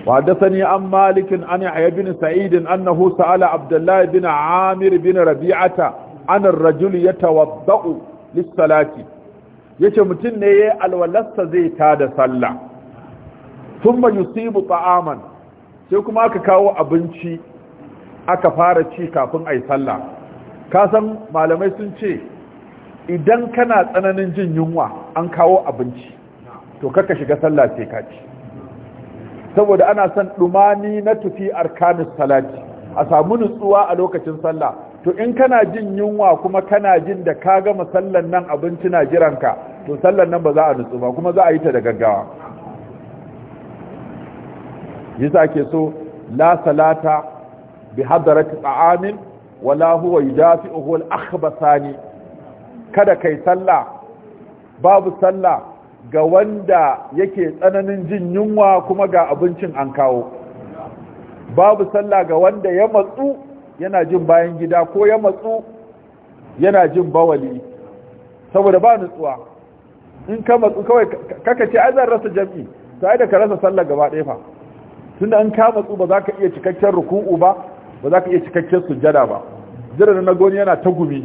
وحدثني عن مالك عن يحيى بن سعيد أنه سأل عبد الله بن عامر بن ربيعة anar rajul ya tawadda'u lissalati yace mutum ne yi alwalarsa zai ta da sallah thumma yusibu ta'aman sai kuma aka kawo abinci aka fara ci kafin ai sallah ka san malamai sun ce idan kana tsananin jin yunwa an kawo abinci to kaka shiga sallah sai ka ci saboda ana son dumani na tufi arkanis salati a samu nutsuwa a lokacin sallah to in kana jin yunwa kuma kana jin da ka gama sallan nan abinci na jiranka to sallan nan ba za a nutsu ba kuma za a yi ta da gaggawa yasa ke so la salata bi hadarati ta'amin wala huwa yudafi'uhu al-akhbasani kada kai salla, babu salla ga wanda yake tsananin jin yunwa kuma ga abincin an kawo babu salla ga wanda ya matsu yana jin bayan gida ko ya matsu yana jin bawali saboda ba nutsuwa in ka matsu kawai kaka ce ai zan rasa jam'i to ai da ka rasa sallah gaba ɗaya fa tunda an ka matsu ba za ka iya cikakken ruku'u ba ba za ka iya cikakken sujjada ba jira na goni yana ta gumi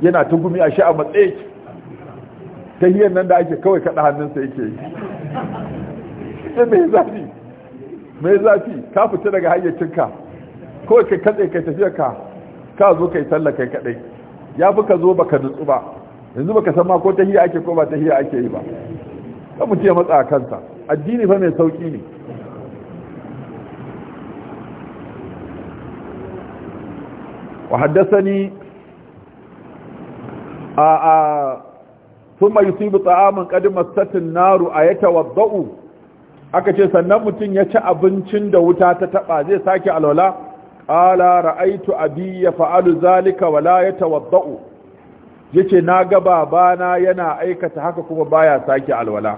yana ta gumi a sha'a matse ta hiyar nan da ake kawai kaɗa hannunsa yake yi ita mai zafi mai zafi ka fita daga hayyacinka kawai ka katse kai tafiya ka ka zo kai sallah kai kadai ya fi ka zo baka nutsu ba yanzu baka san ma ko ta hiya ake ko ba ta hiya ake yi ba ka mu ce matsa kansa addini fa mai sauki ne wa haddathani a a thumma yusibu ta'aman qad satin naru a wadda'u aka ce sannan mutum ya ci abincin da wuta ta taba zai sake alola ala ra'aitu abi ya fa'alu zalika wa la yatawadda'u yace na ga babana yana aikata haka kuma baya sake alwala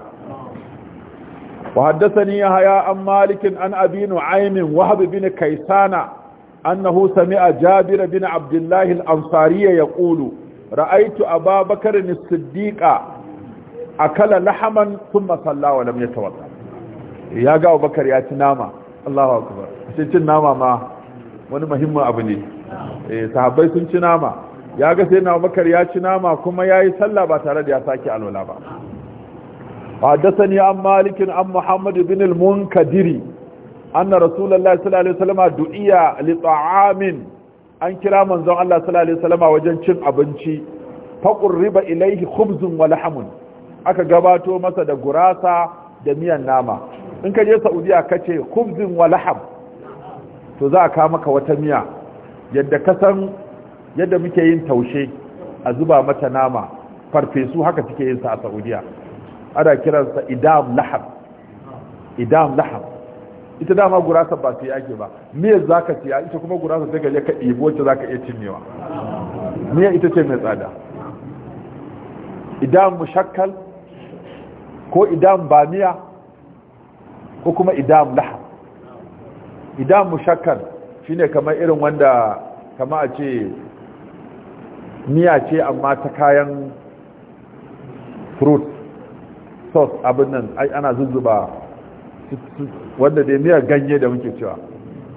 wa ni haya an malikin an abi nu'aym wahab bin kaisana annahu sami'a jabira bin Abdullahi al-ansari yaqulu ra'aitu ababakar as-siddiqa akala lahaman thumma salla wa lam yatawadda ya ga abubakar ya ci nama Allahu akbar sai nama ma wani mahimmin abu ne E, sahabbai sun ci nama ya ga sai na bakar ya ci nama kuma ya yi sallah ba tare da ya sake alwala ba a dasani an malikin an muhammad ibn al-munkadiri anna rasulullahi sallallahu alaihi wasallam du'iya li ta'amin an kira manzon Allah sallallahu alaihi wasallam wajen cin abinci faqurriba riba khubzun hubzin lahmun aka gabato masa da gurasa da miyan nama in ka je saudiya kace khubzun wa lahmun to za a ka maka wata miya yadda ka san yadda muke yin taushe a zuba mata nama farfesu haka suke yin sa a saudiya ana kiransa idam laham idam laham ita dama gurasa ba su yake ba miyar za ka siya ita kuma gurasa sai gaje ka ɗibo wacce za ka iya cinyewa miya ita ce mai tsada idan mushakkal ko idan bamiya ko kuma idan laham idan mushakkan ne kamar irin wanda kama a ce miya ce amma ta kayan fruit sauce abin nan ana zuzzuba wanda dai miyar ganye da muke cewa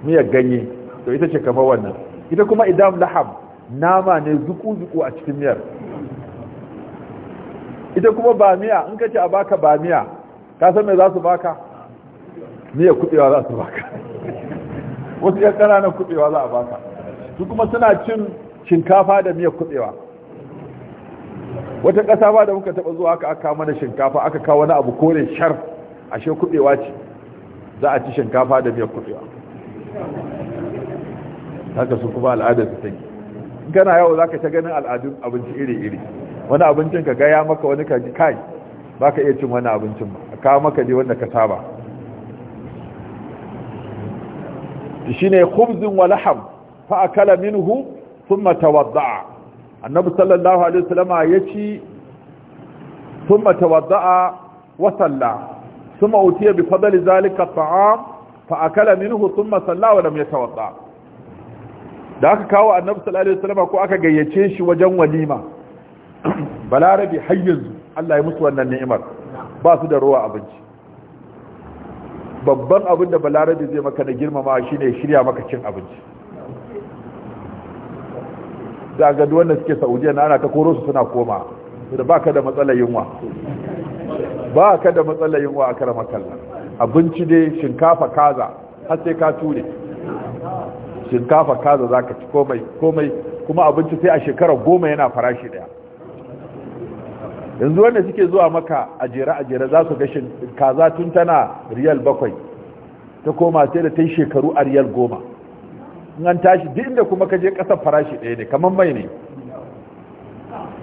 miyar ganye to ita ce kamar wannan ita kuma idan laham, nama ne zuku-zuku a cikin miyar ita kuma ba miya in ka ce a baka ba miya ka san me za su baka miya kuɗewa za su baka wasu yan ƙananan kuɓewa za a baka su kuma suna cin shinkafa da miyar kuɓewa wata ƙasa ba da muka taɓa zuwa aka aka mana shinkafa aka kawo wani abu kore shar ashe kuɓewa ce za a ci shinkafa da miyar kuɓewa haka su kuma al'adar su take gana yau za ka ta ganin al'adun abinci iri-iri wani abincin ka gaya maka wani ka ji kai ba ka iya cin wani abincin ba kawo maka ne wanda ka saba shine khubzun wa laham fa akala minhu thumma tawadda'a annabi sallallahu alaihi wasallam yaci thumma tawadda'a wa salla thumma utiya bi fadli zalika at'am fa akala minhu thumma salla wa lam yatawadda da aka kawo annabi sallallahu alaihi wasallam ko aka gayyace shi wajen walima balarabi hayyin Allah ya musu wannan ni'imar ba su da ruwa abinci babban abin da balarabe zai maka na girmama shine shirya maka cin abinci za ga duwanda suke saudiya na ana ta koro su suna koma da ka da matsalar yunwa ba ka da matsalar yunwa a karama kallon abinci dai shinkafa kaza har sai ka ture shinkafa kaza za ka ci komai komai kuma abinci sai a shekarar goma yana farashi daya yanzu wanda suke zuwa maka a jere a za su ga kaza tun tana riyal bakwai ta koma sai da ta yi shekaru a riyal goma In an tashi duk inda kuma ka je ƙasar farashi ɗaya ne kamar mai ne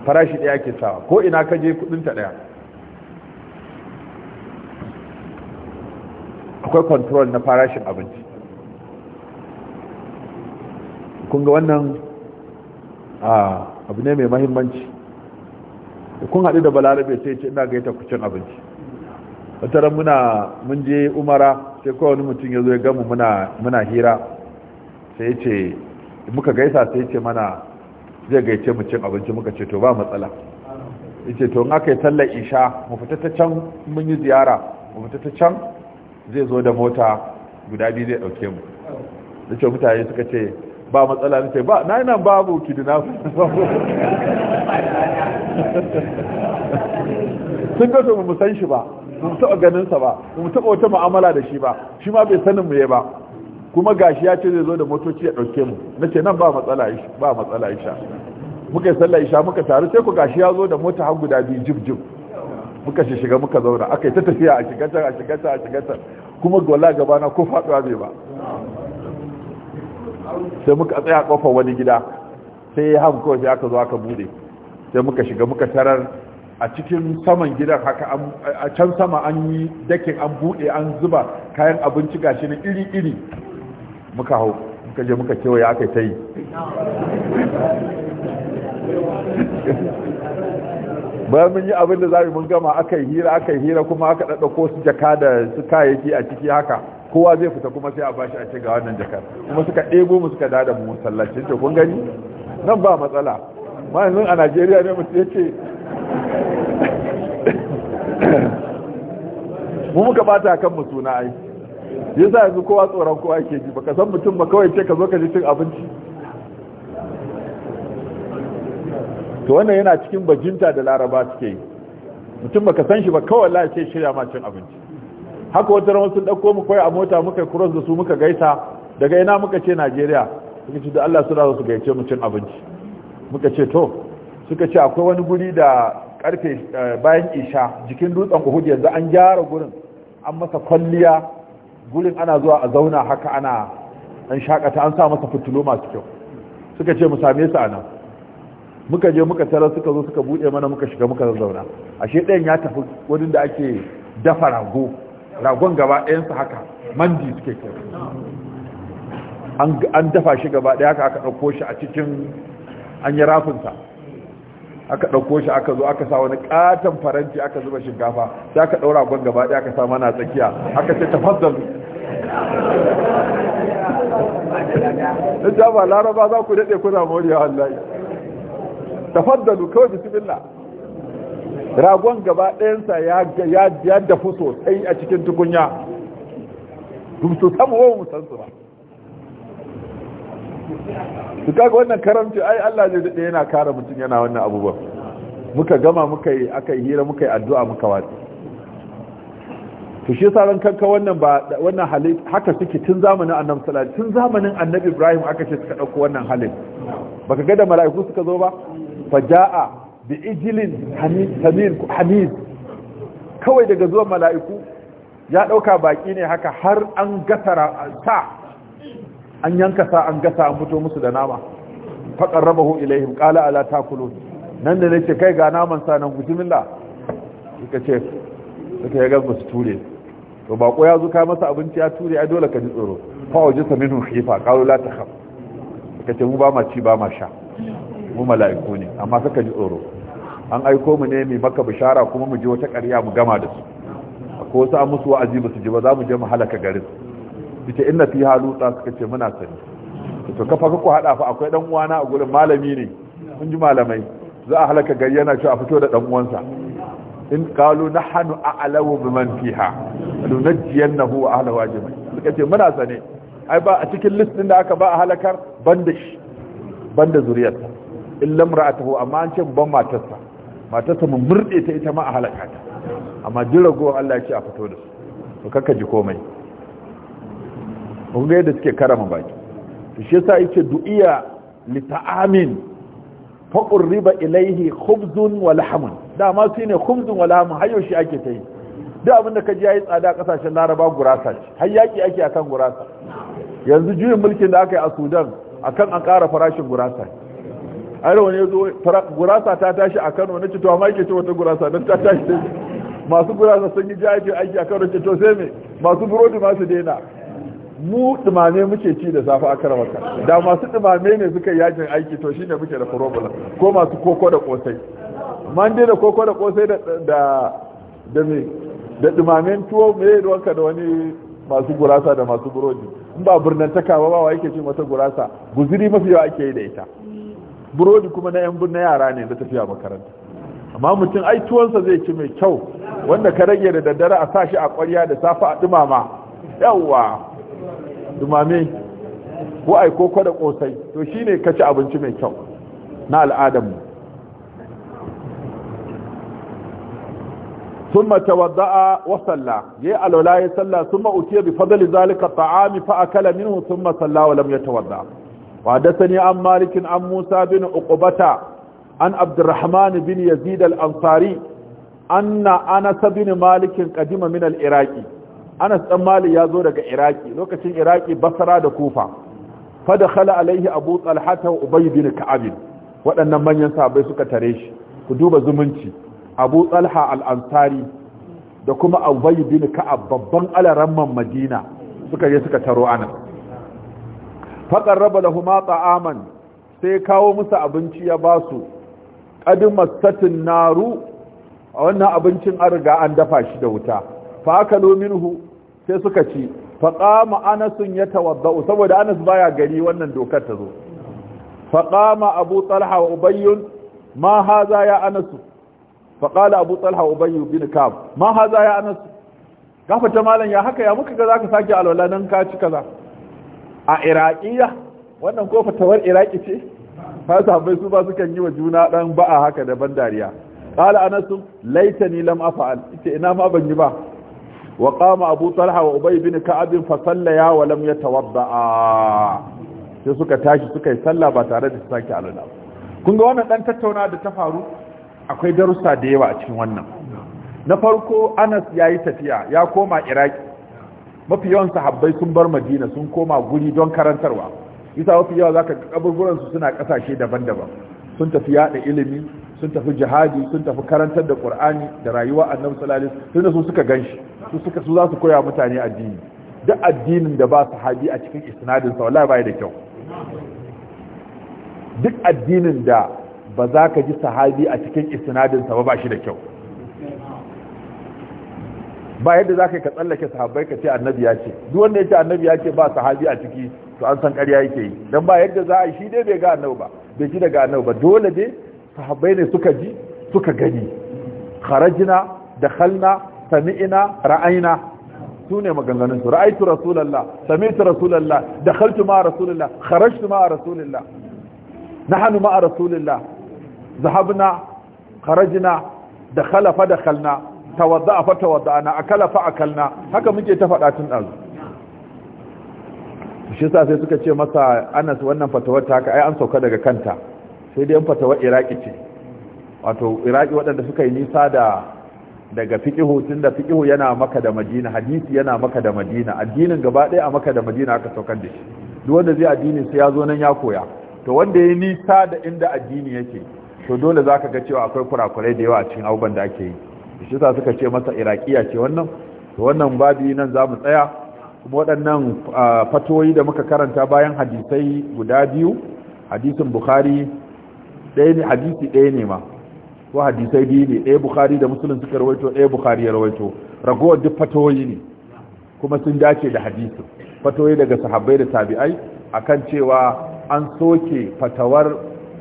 farashi ɗaya ke sawa ko ina ka je kudinta ɗaya akwai control na farashin abinci kunga wannan ah, abu ne mai mahimmanci kun haɗu da balarabe sai ce ina gaita ku cin abinci wata muna mun je umara sai kowane wani mutum ya zo ya gamu muna hira sai ya ce muka gaisa sai ya ce mana zai gaice mu cin abinci muka ce to ba matsala ya ce to in aka yi tallar isha mu fita ta can mun yi ziyara mu fita ta can zai zo da mota guda biyu zai ɗauke mu da ce mutane suka ce ba matsala nace ba na nan babu kidnap sun su mu san shi ba mu taɓa ganin sa ba mu taɓa wata mu'amala da shi ba shi ma bai sanin mu ya ba kuma gashi ya ce zai zo da motoci ya ɗauke mu nace nan ba matsala ba matsala isha muka yi sallah isha muka taru sai ku gashi ya zo da mota har guda biyu jib jib muka shiga muka zauna aka yi ta tafiya a shigatar a shigatar a shigatar kuma gola gabana ko faɗuwa bai ba sai muka tsaya kofa wani gida sai ya hagu kawai sai aka zo aka bude sai muka shiga muka tarar a cikin saman gidan haka a can sama an yi dakin an bude an zuba kayan abinci gashi na iri-iri muka hau muka je muka kewaye aka ta yi bayan mun yi abin da za mun gama aka yi hira aka yi hira kuma aka ko su jaka da su kayayyaki a ciki haka kowa zai fita kuma sai a bashi a ce ga wannan jakar kuma suka ɗebo mu suka dada mu masallaci ce kun gani nan ba matsala ma'anin a najeriya ne mutu ya ce mu muka bata kan mu suna ai yasa yanzu kowa tsoron kowa ke ji baka san mutum ba kawai ce ka zo ka ji cin abinci to wannan yana cikin bajinta da laraba suke yi mutum baka san shi ba kawai la ce shirya ma cin abinci haka wata ran sun ɗauko mu kai a mota muka cross da su muka gaisa daga ina muka ce Najeriya suka ce da Allah su dawo su gaice mu cin abinci muka ce to suka ce akwai wani guri da karfe eh, bayan isha jikin dutsen Uhud yanzu an gyara gurin an masa kwalliya gurin ana zuwa a zauna haka ana an shakata an sa masa fitilu masu kyau suka ce mu same su a nan muka je muka tara suka zo suka bude mana muka shiga muka zauna ashe ɗayan ya tafi wurin da ake dafa rago ragon gaba ɗayansa haka mandi suke ke an dafa shi gaba ɗaya haka aka ɗauko shi a cikin an yi rafinsa aka ɗauko shi aka zo aka sa wani ƙaton faranti aka zuba shinkafa sai aka ɗaura ragon gaba ɗaya aka sa mana tsakiya aka ce tafazzal ta ba laraba za ku daɗe kuna moriya wallahi tafaddalu kawai bismillah ragon gaba ɗayansa ya dafu sosai a cikin tukunya su samu wa musansu ba su kaga wannan karamci ai Allah zai daɗe yana kare mutum yana wannan abubuwan muka gama muka yi aka yi hira muka yi addu'a muka watsi tushe shi kanka wannan ba wannan halin haka suke tun zamanin annabi sallallahu tun zamanin annabi Ibrahim aka ce suka ɗauko wannan halin baka ga da mala'iku suka zo ba ja'a bi ijilin hamid kawai daga zuwa mala'iku ya ɗauka baƙi ne haka har an gasara sa an yanka sa an gasa an fito musu da nama faƙar raba hu ilayhim ƙala ala takulo nan da nake kai ga naman sa nan bismillah suka ce suka ya gaba su ture to baƙo ya zuka masa abinci ya ture ai dole ka ji tsoro fa waje sa minu khifa qalu la takhaf suka ce mu ba ma ci ba ma sha mu mala'iku ne amma suka ji tsoro an aiko mu ne mai maka bishara kuma mu je wata ƙarya mu gama da su A ko an musu wa'azi ba su ji ba za mu je mu halaka garin ita inna fi haluta suka ce muna sani to kafa ku hada fa akwai dan uwana a gurin malami ne kun ji malamai za a halaka gari yana cewa a fito da dan uwansa in qalu nahnu a'lamu biman fiha najiyannahu wa ahlihi ajma'in suka ce muna sani. ai ba a cikin list din da aka ba a halakar banda shi banda zuriyarsa illa mar'atuhu amma an ce ban matarsa matarsa mu murɗe ta ita ma a halaka ta amma jin Allah ya ce a fito da su to kaka ji komai kun ga yadda suke karama baki to shi yasa yake du'iya li ta'amin fa qurriba ilayhi khubzun wa lahmun da ma su ne khubzun wa lahmun hayo shi ake ta yi duk abinda ka ji yayi tsada kasashen Laraba gurasa ce har yaki ake akan gurasa yanzu juyin mulkin da aka yi a Sudan akan an ƙara farashin gurasa ne ai rawani ya zo gurasa ta tashi a kano na cito amma yake ce wata gurasa don ta tashi ta masu gurasa sun yi jaji aiki a kano to sai me masu burodi masu daina mu dumame muke ci da safa a maka da masu dumame ne suka yajin aiki to shine muke da problem ko masu koko da kosai man dai da koko da kosai da da me da dumamen tuwo me ruwanka da wani masu gurasa da masu burodi in ba birnin takawa ba wa yake ce mata gurasa guziri mafi yawa ake yi da ita burodi kuma na yan na yara ne da tafiya makaranta amma mutum ai tuwonsa zai ci mai kyau wanda ka rage da daddare a sashi a ƙwarya da safa a dumama yawwa dumame ko ai koko da kosai to shine ka ci abinci mai kyau na al'adam ثم توضا وصلى جاء الولاية صلى ثم اتي بفضل ذلك الطعام فاكل منه ثم صلى ولم يتوضا وحدثني عن مالك عن موسى بن عقبة عن عبد الرحمن بن يزيد الأنصاري أن أنس بن مالك قدم من العراق أنس بن مالك يزور العراق لو كان العراق بصرى دكوفة فدخل عليه أبو طلحة وأبي بن كعب وأن من ينسى أبي سكتريش كدوب زمنتي أبو طلحة الأنصاري da kuma Ubay bin Ka'ab babban alaramman Madina suka je suka taro Anas da huma ta'aman sai kawo musu abinci ya ba su ƙadin masatin naru a wannan abincin an riga an dafa shi da wuta Fa fakalo minhu sai suka ci faqama anasun yatawaddau saboda anas baya gari wannan dokar ta zo Faƙama abu talha wa ubay ma haza ya anas Faƙala abu talha wa ubay bin kam ma haza ya anas gafata malan ya haka ya muka ga zaka sake alwala nan ka ci kaza a iraqiya wannan ko fatawar iraki ce fa bai su ba su kan yi wa juna dan ba'a haka da ban dariya qala anas laitani lam af'al ita ina ma ban yi ba wa qama abu talha wa ubay bin ka'ab fa sallaya wa lam yatawadda sai suka tashi suka yi sallah ba tare da sake alwala kun ga wannan dan tattauna da ta faru akwai darussa da yawa a cikin wannan na farko anas yayi tafiya ya koma iraki mafi yawan sahabbai sun bar madina sun koma guri don karantarwa isa mafi yawa zaka kaburburan su suna kasashe daban-daban sun tafi yada ilimi sun tafi jihadi sun tafi karantar da qur'ani da rayuwa annabi sallallahu alaihi wasallam su suka ganshi su suka su za su koya mutane addini duk addinin da ba sahabi a cikin isnadin sa wallahi bai da kyau duk addinin da ba za ka ji sahabi a cikin isnadin sa ba ba shi da kyau ba yadda za ka tsallake sahabbai ka ce annabi ya ce duk wanda ya ce annabi ya ce ba sahabi a ciki to an san ƙarya yake yi don ba yadda za a yi shi dai bai ga annabi ba bai ji daga annabi ba dole dai sahabbai ne suka ji suka gani kharajna dakhalna sami'na ra'ayna su ne maganganun su ra'aytu rasulullah sami'tu rasulullah dakhaltu ma rasulullah kharajtu ma rasulullah nahnu ma rasulullah zahabna kharajna dakhala fa dakhalna tawadda fa tawadda ana akala fa akalna haka muke ta fada tun ɗazu shi sa sai suka ce masa anas wannan fatawar ta haka ai an sauka daga kanta sai dai fatawar iraki ce wato iraki waɗanda suka yi nisa da daga fiƙihu tun da fiƙihu yana maka da madina hadisi yana maka da madina addinin gaba ɗaya a maka da madina aka saukar da shi duk wanda zai addinin sai ya zo nan ya koya to wanda ya nisa da inda addini yake to dole za ka ga cewa akwai kurakurai da yawa a cikin abubuwan da ake yi shi sa suka ce masa iraqiya ce wannan to wannan babi nan zamu tsaya kuma waɗannan fatoyi da muka karanta bayan hadisai guda biyu hadisin bukhari ɗaya ne hadisi ɗaya ne ma ko hadisai biyu ne ɗaya bukhari da musulun suka rawaito ɗaya bukhari ya rawaito ragowar duk fatoyi ne kuma sun dace da hadisi. fatoyi daga sahabbai da tabi'ai akan cewa an soke fatawar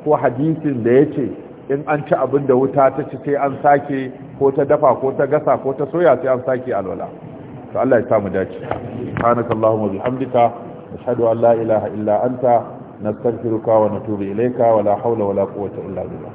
ko hadisin da ya ce in an ci abin da wuta ta ci sai an sake ko ta dafa ko ta gasa ko ta soya sai an sake alwala to Allah ya samu dace subhanakallahumma bihamdika ashhadu an la ilaha illa anta nastaghfiruka wa natubu ilayka wa la hawla wa la quwwata illa billah